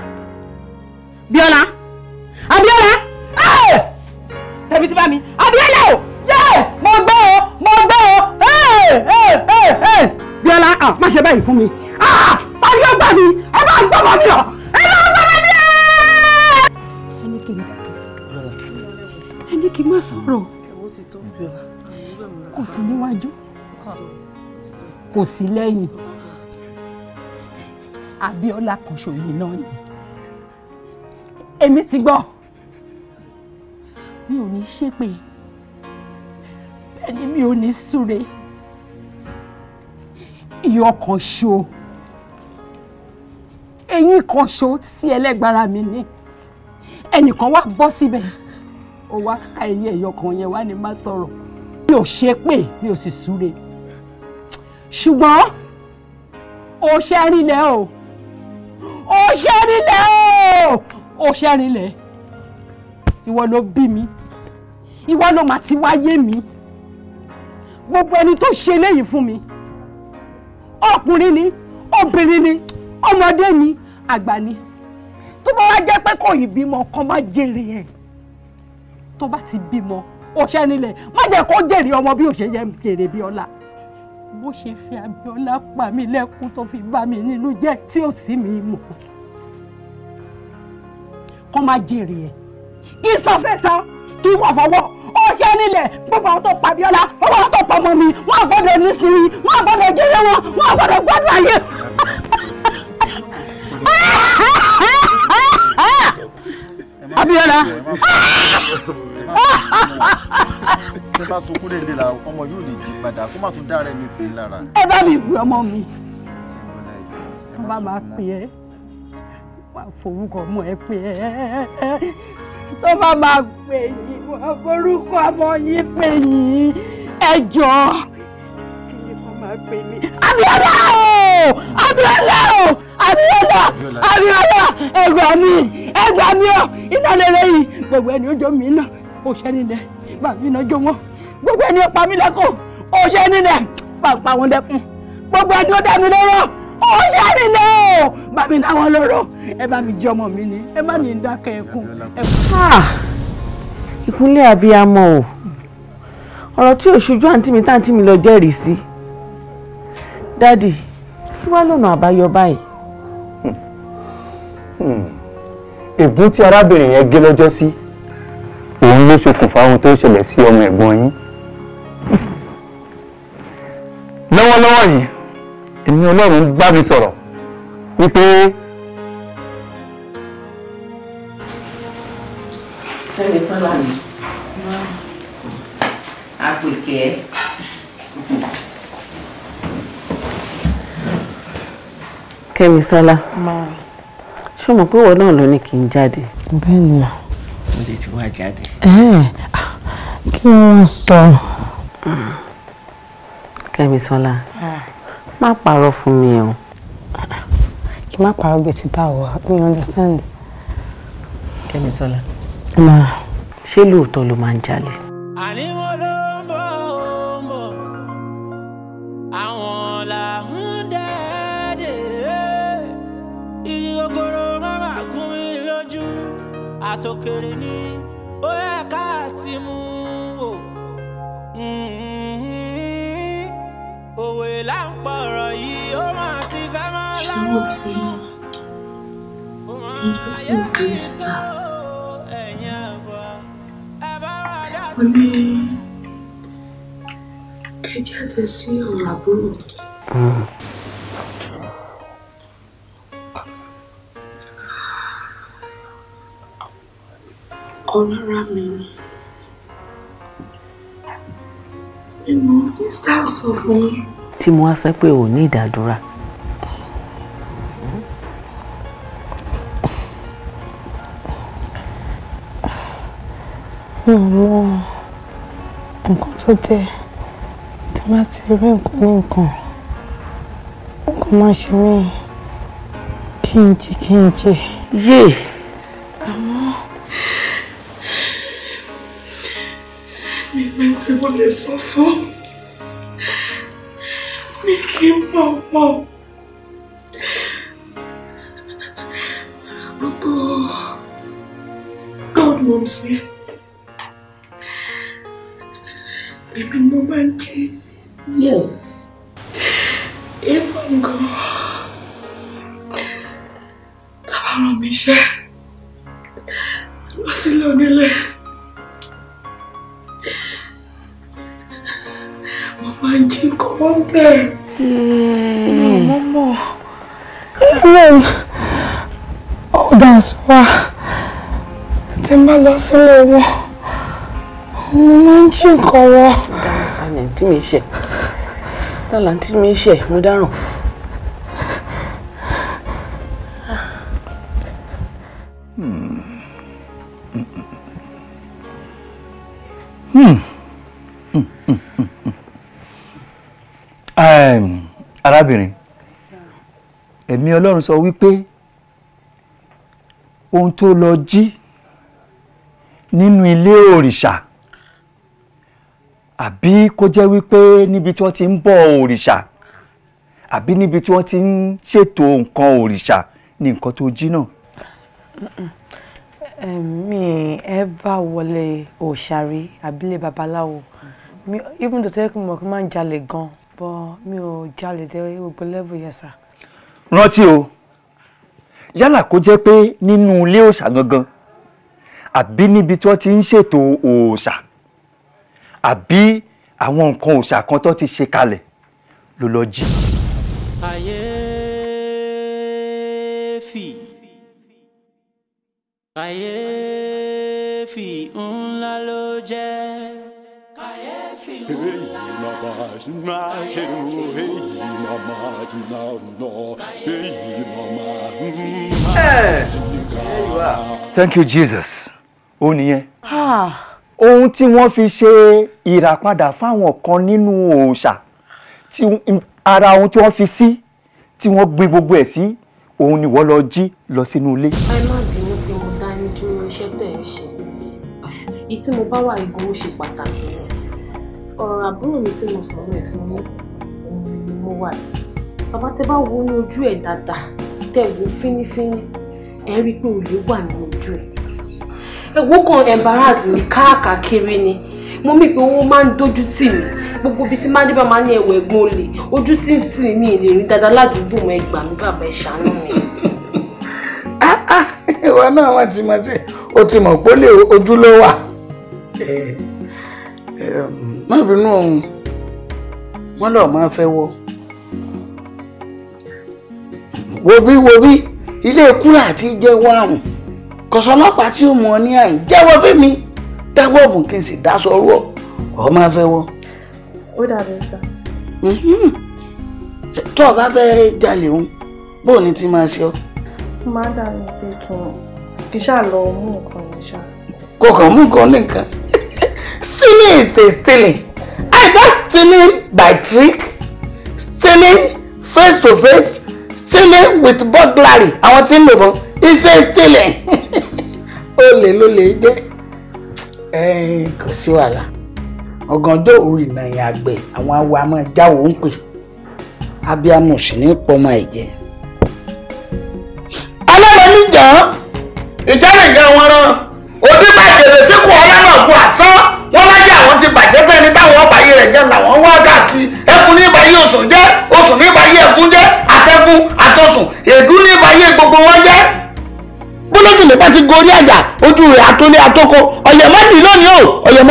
Bíọ́lá Abíọ́lá tẹ̀mí ti bá mi Abíọ́lá o mo gbọ́ o mo gbọ́ o Bíọ́lá ah, má ṣe báyìí fún mi ah! ta ni ó gbà mí ẹ bá ń gbọ́mọ mi o ẹ bá ń gbọ́mọ mi o. ẹni kì í ẹni kì í má sọ̀rọ̀ kò sí níwájú kò sí lẹ́yìn Abíọ́lá kan ṣòye náà ni èmi ti gbọ́ mi ò ní ṣépè bẹ́ẹ̀ ni mi ò ní súre iyọ̀ kan ṣo eyín kan ṣo tí ẹlẹ́gbára mi ní ẹnìkan wá bọ́ síbẹ̀ ó wá ká eyín ẹ̀yọ̀ yẹn wá ní má sọ̀rọ̀ mi ò ṣépè mi ò sì súre ṣùgbọ́n ó ṣẹ́rinlẹ̀ o ó ṣẹ́rinlẹ̀ o ó ṣẹ́rinlẹ̀ ìwọ ló bí mi ìwọ ló mà ti wáyé mi gbogbo ẹni tó ṣe eléyìí fún mi ọkùnrin ni obìnrin ni ọmọdé ni àgbà ni tó bá wá jẹ́ pé kò yìí bímọ kan má jèrè ẹ̀ tó bá ti bímọ ó ṣẹ́rinlẹ̀ má jẹ́ kó jèrè ọmọ bí ó jèrè bí ọlá bó ṣe fi Abíọ́lá pa mí lẹ́kún tó fi bá mi nínú jẹ́ tí ò sí mi mọ̀ kọ́ máa jèrè ẹ̀ kí sọfẹ́ta kí wọ́n fọwọ́ ó yẹ nílẹ̀ gbogbo àwọn tó pa Abíọ́lá gbogbo àwọn tó pa ọmọ mi wọ́n àgbọ́dọ̀ nísìnyí wọ́n àgbọ́dọ̀ jèrè wọn wọ́n àgbọ́dọ̀ gbádùn ayé. Abíọ́lá. tí bá sunkún dédé la ọmọ yóò lè jí padà kó má tún dá rẹ mi sí i lára. ẹ bá mi gbé ọmọ mi tó bá máa pè é wà forúkọ ọmọ ẹ pè é tó bá máa pè yín wà forúkọ ọmọ yín pè yín ẹ jọ kí ni kò máa pè o Abíọ́lá o Abíọ́lá Abíọ́lá ẹ gbà mí ẹ gbà mí o iná lè yìí gbogbo ẹni ó jọ náà òṣè nílẹ̀ bá mi iná jó wọn gbogbo ẹni ó pa mí lẹ́kọ̀ọ́ òṣè nílẹ̀ bá pa wọn lẹ́kùn gbogbo ẹni ó dá mi lọ́rọ̀ òṣè nílẹ̀ o bá mi dá wọn lọ́rọ̀ ẹ bá mi jọmọ mi ni ẹ má ní dákẹ́ ẹkún. Ah, ìkúnlẹ̀ abiyamọ o ọ̀rọ̀ tí ò ṣojú àǹtí mi táǹtí mi lọ jẹ́rìí sí dádì kí wá lọ́nà àbáyọ báyìí. Hmm. Hmm. ègún tí arábìnrin yẹn gé lọ́jọ́ sí. Si òun ló ṣokùnfà ohun tó ṣẹlẹ̀ sí ọmọ ẹ̀gbọ́n yín. lọ́wọ́lọ́wọ́ yìí ẹ̀mí ọlọ́run bá mi sọ̀rọ̀ wípé. fẹ́mi sọ́lá mi àpèkẹ́. kẹ́mi sọ́lá ṣé o mọ̀ pé ìwọ náà ló ní kí n jáde. bẹ́ẹ̀ ni mo lè ti wá jáde. Eh, kí ni wọ́n sọ. kẹ́mi sọ́lá ah. má parọ́ fún mi o. kí má parọ́ bíi ti báwo mi understand. kẹ́mi sọ́lá. ṣé lóòótọ́ ló máa ń jalè. àní àtòkèrè ni ó yẹ ká ti mú o. Mm-hmm. òwe là ń pọ̀rọ̀ yìí ó máa ti fẹ́ máa láwọn. ṣé wọ́n ti nǹkan tí mo gbé síta mo ní kẹjáde sí ọ̀rọ̀ àbúrò. Mm-hmm. Ọlọ́ràmímí ni mò ń fi sáà sọ fún yín. tí mo wá sọ pé ò No ìdádúrà. I'm going to tell you. jẹ tí má ti rí nǹkan ní nǹkan nǹkan máa ṣe mí kí Yeah. mi tí mo lè sọ fún mi kí n mọ̀ mọ̀ gbogbo god mom sí èmi mo máa ń jí even gan tábà ràn mí iṣẹ́ lọ sílé onílé. wá ń jí nǹkan wọ́n bẹ́ẹ̀. Hmm. mi ò mọ̀ mọ̀. ellen ọ̀dàǹsì wa tí n bá lọ sílé wọn mo máa mi ṣe dáhùn àná tí mi ṣe mo dáràn. ẹ̀mí ọlọ́run sọ wípé ohun tó lọ jí nínú ilé òrìṣà àbí kó jẹ́ wípé níbi tí wọ́n ti ń bọ òrìṣà àbí níbi tí wọ́n ti ń ṣètò nǹkan òrìṣà ní nǹkan tó jí náà. mi ẹ bá wọlé òṣàrí àbílẹ̀ babaláwo even though tó yẹ kí mo mọ̀ kí n máa ń jalè gan-an but mi ò jalè dé gbogbo level yẹn sir rántí o yálà kó jẹ́ pé nínú ilé òòṣà gangan àbí níbi tí wọ́n ti ń ṣètò òòṣà àbí àwọn nǹkan òòṣà kan tó ti ṣe kalẹ̀ ló lọ jí. kàyéfì kàyéfì ńlá ló jẹ́. kàyéfì ńlá ló jẹ́ thank you jesus ó nìyẹn. Ah. ohun tí wọ́n fi ṣe ìràpadà fáwọn kan nínú òòṣà ara ohun tí wọ́n fi sí tí wọ́n gbin gbogbo ẹ̀ sí òun ni wọ́n lọ jí lọ sínú ilé. ẹ má bínú pé mo dá ní dúró iṣẹ́ tẹ̀ ń ṣe èyí ah, tí mo bá wà igun ṣe pàtàkì ọ̀rọ̀ àbúrò mi tí mo sọ̀rọ̀ ẹ̀ fún yín ló wà yìí bàbá tẹ bá wo ní ojú ẹ̀ dáadáa tẹ wo fínífíní ẹ rí i pé olè wà ní ojú ẹ̀ ẹ̀wọ́ kan embarrass mi káàkiri ni mo mì pé wọ́n máa ń dojú tì mí gbogbo ibi tí máa dé bá máa ní ẹ̀wọ̀ ẹ̀gbọ́n olè ojú tí ń tì mí lè rí dáadáa ládùúgbò mọ́ ẹgbà mi bàbá ẹ̀ ṣàánú mi. Ah, ah, ìwọ náà wọn ti mọ sí o ti mọ pé ó lè ojú ló wà má bínú òun wọn lọ máa fẹ́ wọ wòbí wòbí ilé kúrà àti jẹ́wọ́ àrùn kọ̀sọ́ ọlọ́pàá tí ó mọ̀ ní àyìn jẹ́wọ́ fẹ́mi dáwọ́ ọ̀mù kí n sì dáṣọ ọwọ́ ọ máa fẹ́ wọ́. ó dàbí sá. Mm-hmm. tó o bá fẹ́ jalè òun bó o ní ti máa ṣe ọ. máa dàbí pé kí n kì í ṣáà lọ mú nǹkan yẹn ṣá. kò kàn mú nǹkan nìkan stealing is the stealing either stealing by trick stealing face to face stealing with burglary àwọn tí ń lò he iṣẹ́ stealing olè ló lè jẹ́ kò sí wàhálà ọ̀gànjọ́ òru ìnàyìn àgbẹ̀ àwọn awo àmọ́ jáwọ́ ń pè abiyamọ sì ní pọmọ ẹ̀jẹ̀. alẹ́ mi jàn án ìjà nìkan wọn rán òdìbàjẹ́ lè ṣekú ọlọ́nà kú àsán wọ́n láyé àwọn ti bàjẹ́ bẹ́ẹ̀ ni táwọn ọba ayé rẹ̀ jẹ́ làwọn wá káàkiri ẹkùn ní ìbáyé òsùn jẹ́ òsùn ní ìbáyé ẹkùn jẹ́ àtẹkùn àtọ̀sùn èdú ní ìbáyé gbogbo wọn jẹ́. bólódùn nípa ti gorí àjà ojú rẹ̀ àtọ́lé àtọ́kọ ọ̀yẹ̀ má dì lónìí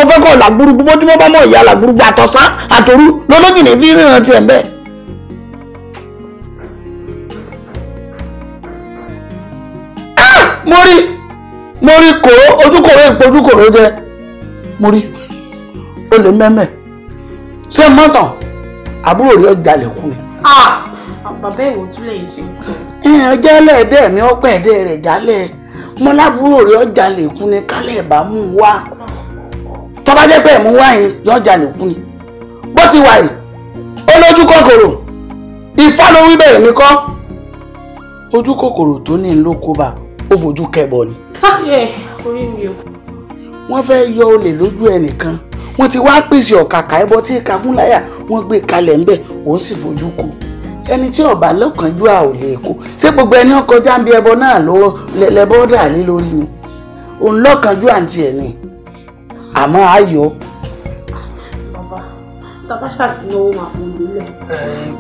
o fẹ́ kọ́ làgbúrú gbogbo bá mọ̀ ìyá làgbúrú àtọ̀sán àtòrú lọ́lọ́dún ní fi ríran tiẹ̀ bẹ́ẹ̀. Ah! mo rí mo rí kòró ojú jẹ mo ó lè mẹ́mẹ́ ṣé mọ́tàn àbúrò rẹ̀ jalè kú ni. bàbá ìwò tún lè yí tuntun. ẹ jálẹ̀ ẹ̀dẹ́ mi ọ̀pẹ̀ ẹ̀dẹ́ rẹ̀ jálẹ̀ mo lábúrò rẹ̀ jalè kú ni kálẹ̀ bá mú un wá tọ́ba jẹ́ pé mú wá yín yọ jalè kú ni bó ti wà yìí ó lójú kòkòrò Ifá ló wí bẹ́ẹ̀ mi kọ́ ojú kòkòrò tó ní ló kó bá ó fojú kẹbọ ni. wọ́n fẹ́ yọ olè lójú ẹnìkan wọ́n ti wá pèsè ọ̀kàkà ẹbọ tí ìka múláyà wọ́n gbé kalẹ̀ ńbẹ̀ òun sì fojú kù ẹni tí ọba lọ́kànjú a ò lè kó ṣé gbogbo ẹni ọkọjá ń bí ẹbọ náà lọ́wọ́ lẹ́bọ́ dà lé lórí ni òun lọ́kànjú àǹtí ẹ̀ ni àmọ́ ayọ̀. bàbá bàbá ṣàtìlówó máa fún mi lẹ.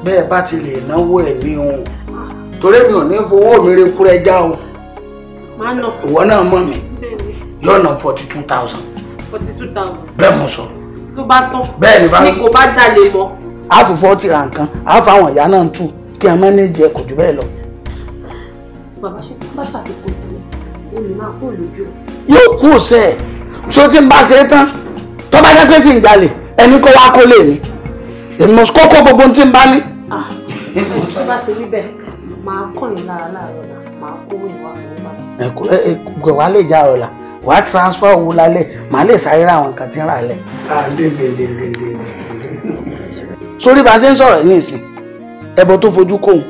bẹ́ẹ̀ bá ti lè náwó ẹ̀ ní òun torí mi ò ní fowó mi rekú rẹ já o ìwọ náà mọ̀ mi yọ̀ọ̀nà forty two thousand forty two thousand. bẹ́ẹ̀ mo sọ̀rọ̀. ló bá tán bẹ́ẹ̀ ni bá ní kò bá jalè mọ́. a fi fọ́ọ̀tì ra nǹkan a fa àwọn ìyá náà tù kí a má ní jẹ kò jù bẹ́ẹ̀ lọ. bàbá ṣe bá ṣàfikún ìdílé èmi máa kó lójú. yóò kú òsè ẹ so tí n bá ṣe é tán tó bá jẹ́ pé sì ń gbalè ẹni kó wá kó lè ní èmi mọ̀ kókó gbogbo tí n bá ní. Ah, tó bá ti rí bẹ́ẹ̀ máa kàn yín láàárọ̀ máa kówó ìwà fún wa. ẹ kò wá lè já ọ̀la wàá transfer owó lálẹ́ màá lè sáré ra àwọn nǹkan tí ń rà lẹ̀. Ah, sórí bá a ṣe ń sọ̀rọ̀ ní ìsìn ẹbọ tó fojú kóhun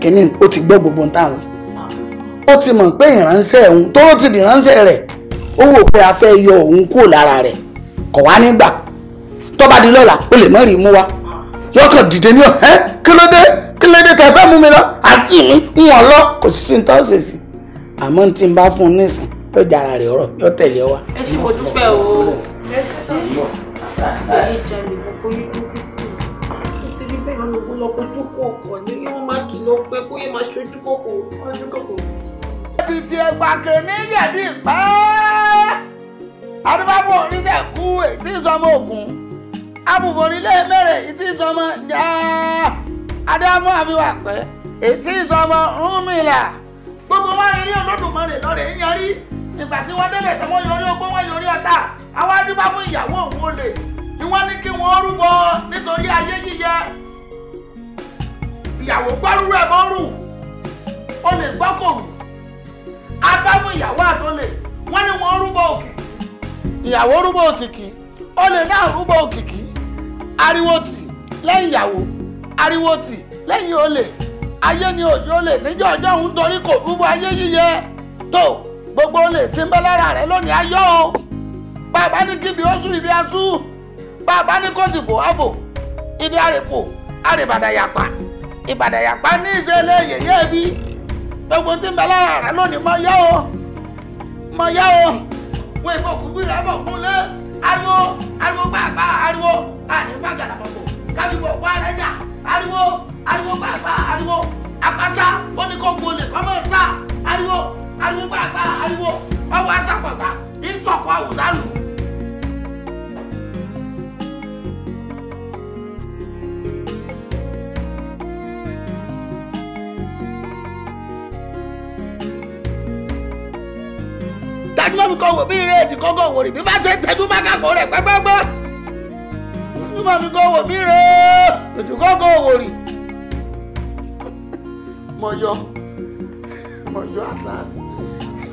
kínní ó ti gbẹ́ gbogbo ń táwọn ó ti mọ̀ pé ìránṣẹ́ òun tó ló ti di ìránṣẹ́ rẹ̀ ó wò pé a fẹ́ yọ òun kúrò lára rẹ̀ kọ̀ wá nígbà tó bá di lọ́la ó lè mọ́ rí mú wa yọkàn dìde ní ọ̀hẹ́ kí ló dé kí ló dé tẹ̀ fẹ́ mú mi lọ àti mi ń wọ̀n lọ kò sí sí ní tọ́sí sí àmọ́ ní tí n bá fún un nísìn yóò já ara rẹ̀ ọ̀rọ̀ yóò tẹ̀lé ọ ẹ ṣe mo dúpẹ́ o ibi tí ẹ gbà kìíní yẹ̀dí pẹ́ adúbàbò oníṣẹ́ kú ètí ìsọmọ ògùn abùbòrílé mẹ́rẹ̀ ètí ìsọmọ jáà adámọ́ àfihàn pẹ́ ètí ìsọmọ rúmìlà gbogbo wa rí Olódùmarè lọ́rẹ̀ ń yọrí ìgbà tí wọ́n débẹ̀ tán wọ́n ogbó wọ́n yọrí ọ̀tá àwa dúpá fún ìyàwó òun olè ni wọ́n ní kí wọ́n rúbọ nítorí ayé yíyẹ ìyàwó gbọ́rúurú ẹ̀ mọ́ rù olè gbọ́kòrò abámu ìyàwó àtọlè wọ́n ní wọ́n rúbọ òkìkí ìyàwó rúbọ òkìkí olè náà rúbọ òkìkí ariwo tì lẹ́yìn ìyàwó ariwo tì lẹ́yìn olè ayé ni òye olè níjọ́ ọjọ́ òun torí kò rúbọ ayé yíyẹ tó gbogbo olè tí ń bẹ lára rẹ lónìí ayọ́ o bàbá ní kíbi ó sún ibi asú bàbá ní kó sì fò áfò ibi àrèfò àrèbàdàyàpá ìbàdàyàpá ní ìṣẹ̀lẹ̀ yẹyẹ bí gbogbo tí ń bẹ lára rẹ lónìí mọ yá o mọ yá o wọn ìfọkùnrin rẹ bọ̀ kúnlé ariwo ariwo gbàgbà ariwo àní fàgàlàmọ̀tò kábíbọ̀ wà lẹ́jà ariwo ariwo gbàgbà ariwo apasa ó ní kó gbolè kọ́mọ̀ sá ariwo ariwo gbàgbà ariwo ọwọ́ asakọ̀sá ìsọ̀kọ̀ àwùsá nù. tẹjúmọ́ mi kọ́ wò bí ire èjì kọ́kọ́ bí bá ṣe tẹjú bá kàkọ́ rẹ̀ pẹ́pẹ́pẹ́ tẹjúmọ́ mi wò bí ire èjì kọ́kọ́ wò mọ̀yọ́ mọ̀yọ́ atlas.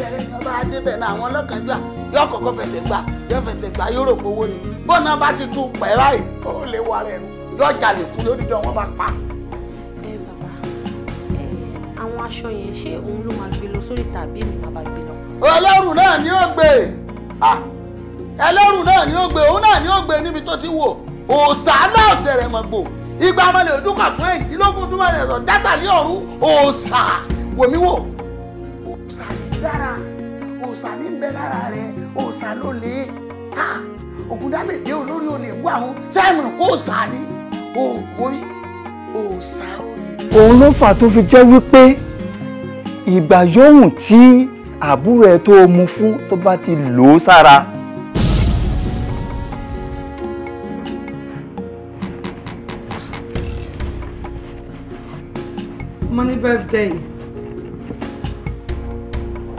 tẹ́rẹ́ ní ọba adébẹ̀ náà àwọn ọlọ́kànjúà yóò kọ́kọ́ fẹsẹ̀ gbà yóò fẹsẹ̀ gbà yóò rò pé owó ni bọ́ọ̀nà bá ti tún pẹ̀ báyìí ó lè wà rẹ̀ nù yóò jalè kú lórí bí wọ́n bá pa. ẹ bàbá ẹ àwọn aṣọ yẹn ṣé òun ló máa gbé lọ sórí tàbí mi máa bá gbé lọ. ẹlẹ́rù náà ni ó gbé ah, ẹlẹ́rù náà ni ó gbé òun náà ni ó gbé níbi tó ti wò òòsà náà ṣẹ̀rẹ̀ mọ̀ gbò ìgbà ọmọlẹ̀ ojú kàkún èjìlógún tó máa rẹ̀ dátà lé ọ̀run òòsà wòmíwò dára òòṣà ní bẹ lára rẹ òòṣà ló lè ha ògùndàbèdè olórí olè bú àwọn sẹ́ẹ̀mù kó òòṣà ni òòrí òòṣà olè. òun ló fà tó fi jẹ́ wípé ìgbà yòówù tí àbúrò ẹ tó mu fún tó bá ti lò ó sára. Money birthday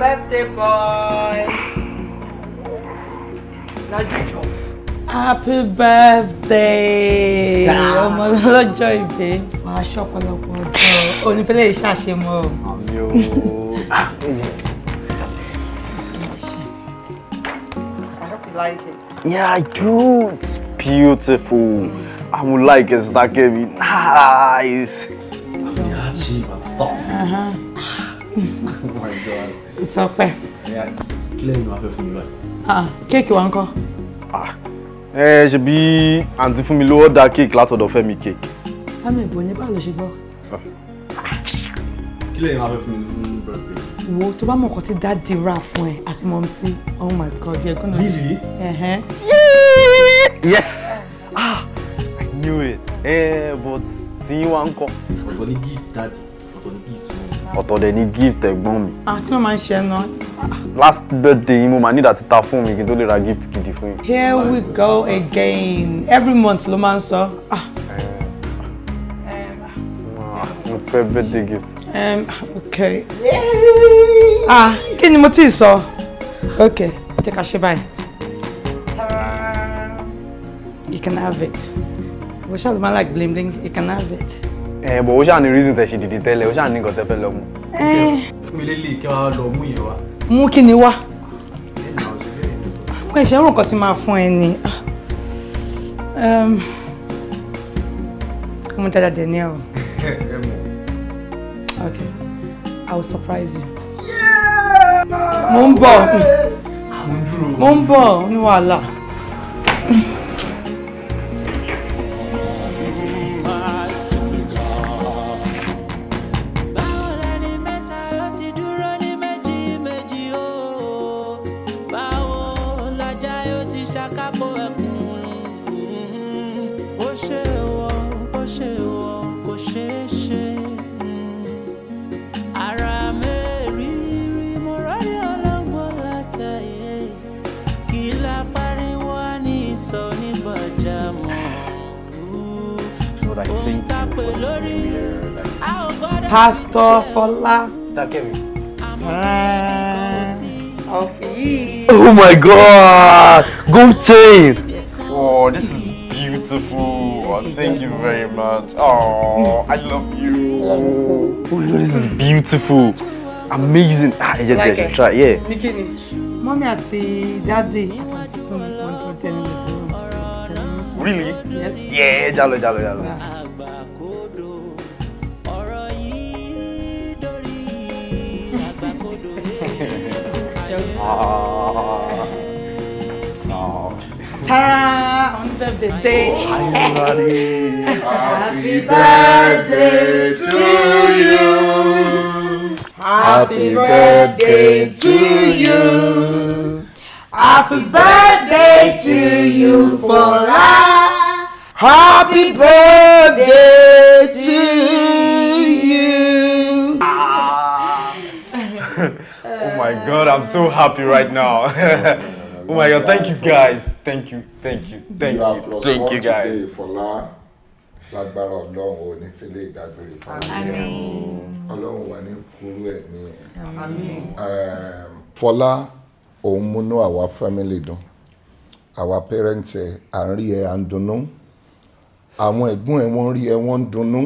birthday boy. Lájújọ. Happy birthday! Ah. Ọmọ ọlọ́jọ́ ìbí. Màá ṣọ́pọ̀lọpọ̀ ọjọ́. Onífẹ́lẹ́ yìí ṣàṣemọ́ o. Àmì o. Like it. Yeah, I do. It's beautiful. I would like it. That gave me nice. Yeah, cheap and stuff. Uh-huh. oh my god ìtọ́pẹ́. kílẹ̀ ni wàá fẹ́ fún mi báyìí. Ah, kéèkì wa ń kọ́. Ah. ẹ ṣe bí àǹtí fún mi ló order kéèkì látọ̀dọ̀ Fẹ́mi kéèkì. lámì ìbò ní báwo ló ṣe gbọ́. Ah. kílẹ̀ ni wàá fẹ́ fún mi ní bẹ́ẹ̀ wo tó bá mọ̀ kọ́ tí dáàdi rà fún ẹ àti mọ̀ sí oh my god yẹ gúnà. really? yes ah i knew it eh, but tí wàá ń kọ́. ọ̀tọ̀ ni gift dáàdi ọ̀tọ̀ dẹ̀ ni gift ẹ̀gbọ́n mi. Ah, kí ló máa ń ṣe ẹnu. last birthday yìí mo máa nídà ti ta fún mi kí n tó lè ra gift gidi fún yín. here we go again every month ló máa ń sọ. Ah. Ah, mo fẹ́ birthday gift. okay. ah kí ni mo ti sọ okay jẹ́ ká ṣe báyìí. you can have it. we shall man like bling bling you can have it ẹ bọ̀ ó ṣáà reason tẹ̀ ṣe dìde tẹ́lẹ̀ ó ṣáà ní nǹkan tẹ́ fẹ́ lọ mú. fún mi lélẹ̀ kí wàá lọ mú yẹn wá. mú kí ni wá. mo ẹ̀ṣẹ̀ rò nǹkan tí máa fún ẹ ni. mo dada Daniel. okay i will surprise you. mo ń bọ̀ mo ń bọ̀ ní wàhálà. I think Pastor Fola. Stakemi. Oh my god! Gold chain! Oh, this is beautiful. thank you very much. Oh, I love you. Oh, this is beautiful. Amazing. Ah, yeah, like yeah, try. Yeah. Mommy àti the room. Really? Yes. Yeah, jalo, jalo, jalo. Yeah. Tara, on the day. Happy birthday to you. Happy birthday to you. Happy birthday to you for life. Happy birthday to you. my god, I'm so happy right now. oh my god, thank you guys. Thank you, thank you, thank you. you. Thank, you guys. Fọlá lágbára Ọlọ́run ò ní fi lè dágbére fáwọn Ọlọ́run wà ní kúrú ẹ̀ ní ẹ̀. Fọlá òun múnú àwa fámìlì dùn àwa pẹ́rẹ́ǹtì ẹ̀ à ń rí ẹ̀ à àwọn ẹ̀gbọ́n ẹ̀ wọ́n rí ẹ̀ wọ́n dunnú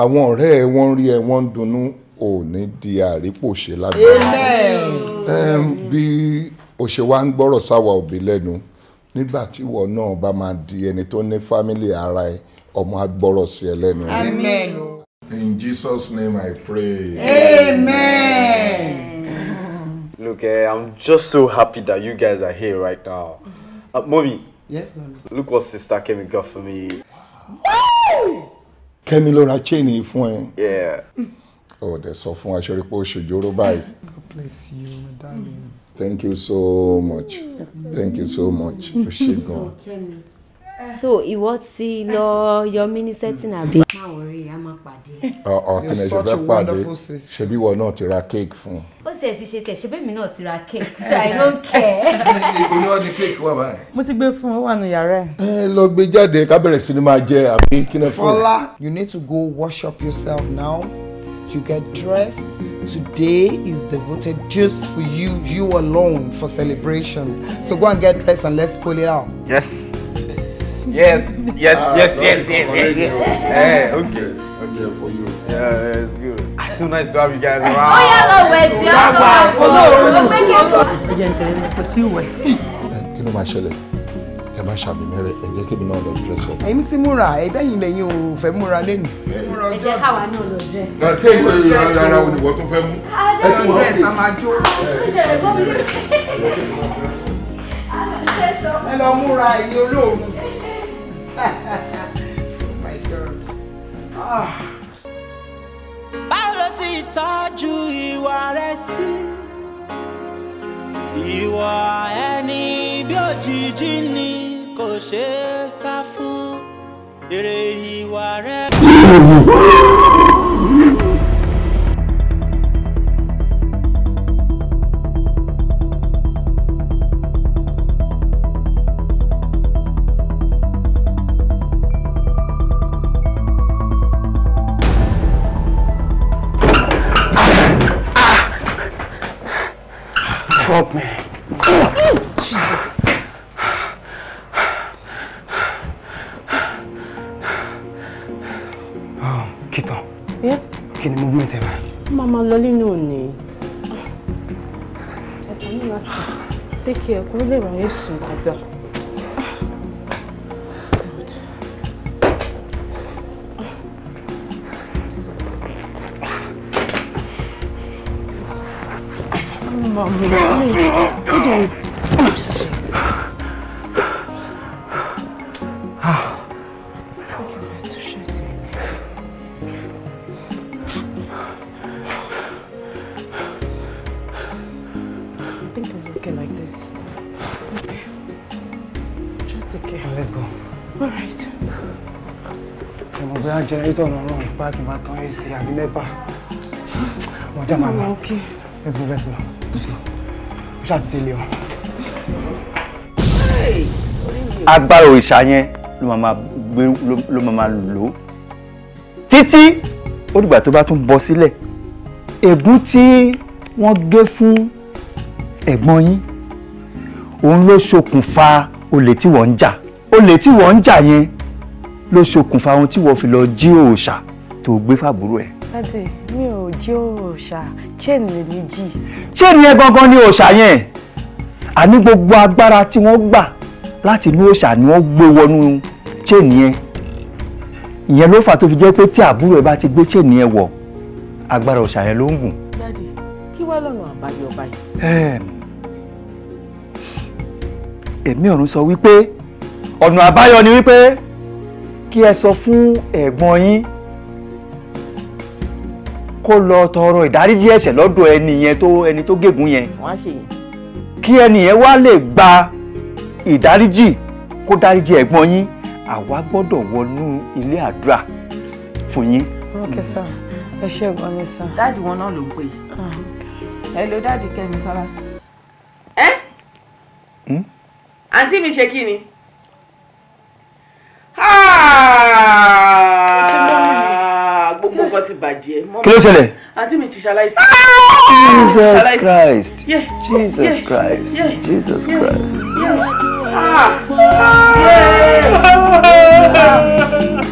àwọn ọ̀rẹ́ ẹ̀ wọ́n rí ẹ̀ wọ́n dunnú ò ní di àrípòṣe lágbára bí o ṣe wá ń gbọ́rọ̀ sáwa òbí lẹ́nu nígbà tí ìwọ náà bá máa di ẹni tó ní fámìlì ara ẹ ọmọ agbọ́rọ̀ sí ẹ lẹ́nu. In Jesus' name I pray. Amen. Look, eh, I'm just so happy that you guys are here right now. Uh, mommy. Yes, mommy. Look what sister Kemi got for me. Wow. Kemi ló ra chain yìí fún ẹ. Yeah. Oh, ò dẹ̀ sọ fún wa ṣe rí pé ó báyìí. God bless you my darling. thank you so much thank you so much o ṣe gan. so ìwọ ti lọ yọmí ní sẹ́tìn àbí. má wọrí a máa pàdé. ọ̀ kí ni ṣe fẹ́ pàdé ṣebí ìwọ náà ti ra kéèkì fún un. ó sì ẹ̀ sì ṣe tẹ̀ ṣebí èmi náà ti ra kéèkì so I don't care. olúwa ni kéèkì wà báyìí. mo ti gbé fún ọ wà nù yàrá ẹ. ẹ lọ gbé jáde ká bẹ̀rẹ̀ sí ni máa jẹ àbí kí ni fún Fọlá you need to go wash up yourself now you get dressed. Today is devoted just for you, you alone, for celebration. So go and get dressed and let's pull it out. Yes. Yes, yes, ah, yes, yes, yes, yes, Yeah, eh, okay. Okay, for you. Yeah, it's good. It's ah, so nice to have you guys around. Oh, yeah, love, we're just. Bàbá, kò lóorun. Ó gbé kí n sọ. Ẹ jẹ́ n tẹ̀lé my kò ẹ má ṣàbímẹ rẹ ẹ jẹ́ kébì náà lọ dírẹsì èmi ti múra ẹgbẹ́yìn lẹ́yìn o fẹ́ múra lẹ́nu. ẹ káwa náà lọ dírẹsì. kí ìwé ìyára ara wo ni fẹ́ mú. ẹ ti wọ́n dírẹsì máa jó. ẹ lọ múra iye olóòrùn. Oh my God. Ah ti tọ́jú ìwà rẹ sí. ìwà ẹni bí òjijì ni kò ṣe é sá fún èrè ìwà rẹ. help me. kí ẹkún lè ráyè sùn dáadáa. Mama. kí n máa tán ẹ̀ sí àbí nẹ́pà. Wọ́n já màmá. Let's go, let's go. Ó ṣáà ti délé o. Agbára òrìṣà yẹn ló máa máa gbé ló máa máa lò ó. Títí ó dìgbà tó bá tún bọ́ sílẹ̀. Ègún tí wọ́n gé fún ẹ̀gbọ́n yín òun ló ṣokùnfà olè tí wọ́n ń tó gbé fàbúrò ẹ̀. dádì mi ò jẹ́ òòṣà chain lèmi jì. chain yẹn gangan ni òòṣà yẹn àní gbogbo agbára tí wọ́n gbà láti inú òòṣà ni wọ́n gbé wọnú chain yẹn ìyẹn ló fà tó fi jẹ́ pé tí àbúrò ẹ̀ bá ti gbé chain yẹn wọ̀ agbára òòṣà yẹn ló ń gùn. dádì kí wá lọ́nà àbáyọ báyìí. ẹ̀mí ọ̀run sọ wípé ọ̀nà àbáyọ ni wípé kí ẹ sọ fún ẹ̀gbọ́n yín kó lọ tọrọ ìdáríjì ẹ̀ṣẹ̀ lọ́dọ̀ ẹni yẹn tó ẹni tó gégùn yẹn kí ẹni yẹn wá lè gba ìdáríjì kó dáríjì ẹ̀gbọ́n yín àwa gbọ́dọ̀ wọnú ilé àdúrà fún yín. okay sir ẹ ṣe ẹ̀gbọ́n mi sir. dáàdì wọn náà ló ń pè é ah. hello dáàdì Kẹ́mi Sọ́lá. ẹ hmm? àǹtí mi ṣe kí ni. Ah! lọ ti bàjẹ́. kí ló ṣẹlẹ̀. àǹtí mi ti ṣaláìsí. Jesus Christ yeah. Jesus Christ yeah. Jesus Christ. Ah. Ah. Yeah. Yeah. Yeah. Yeah.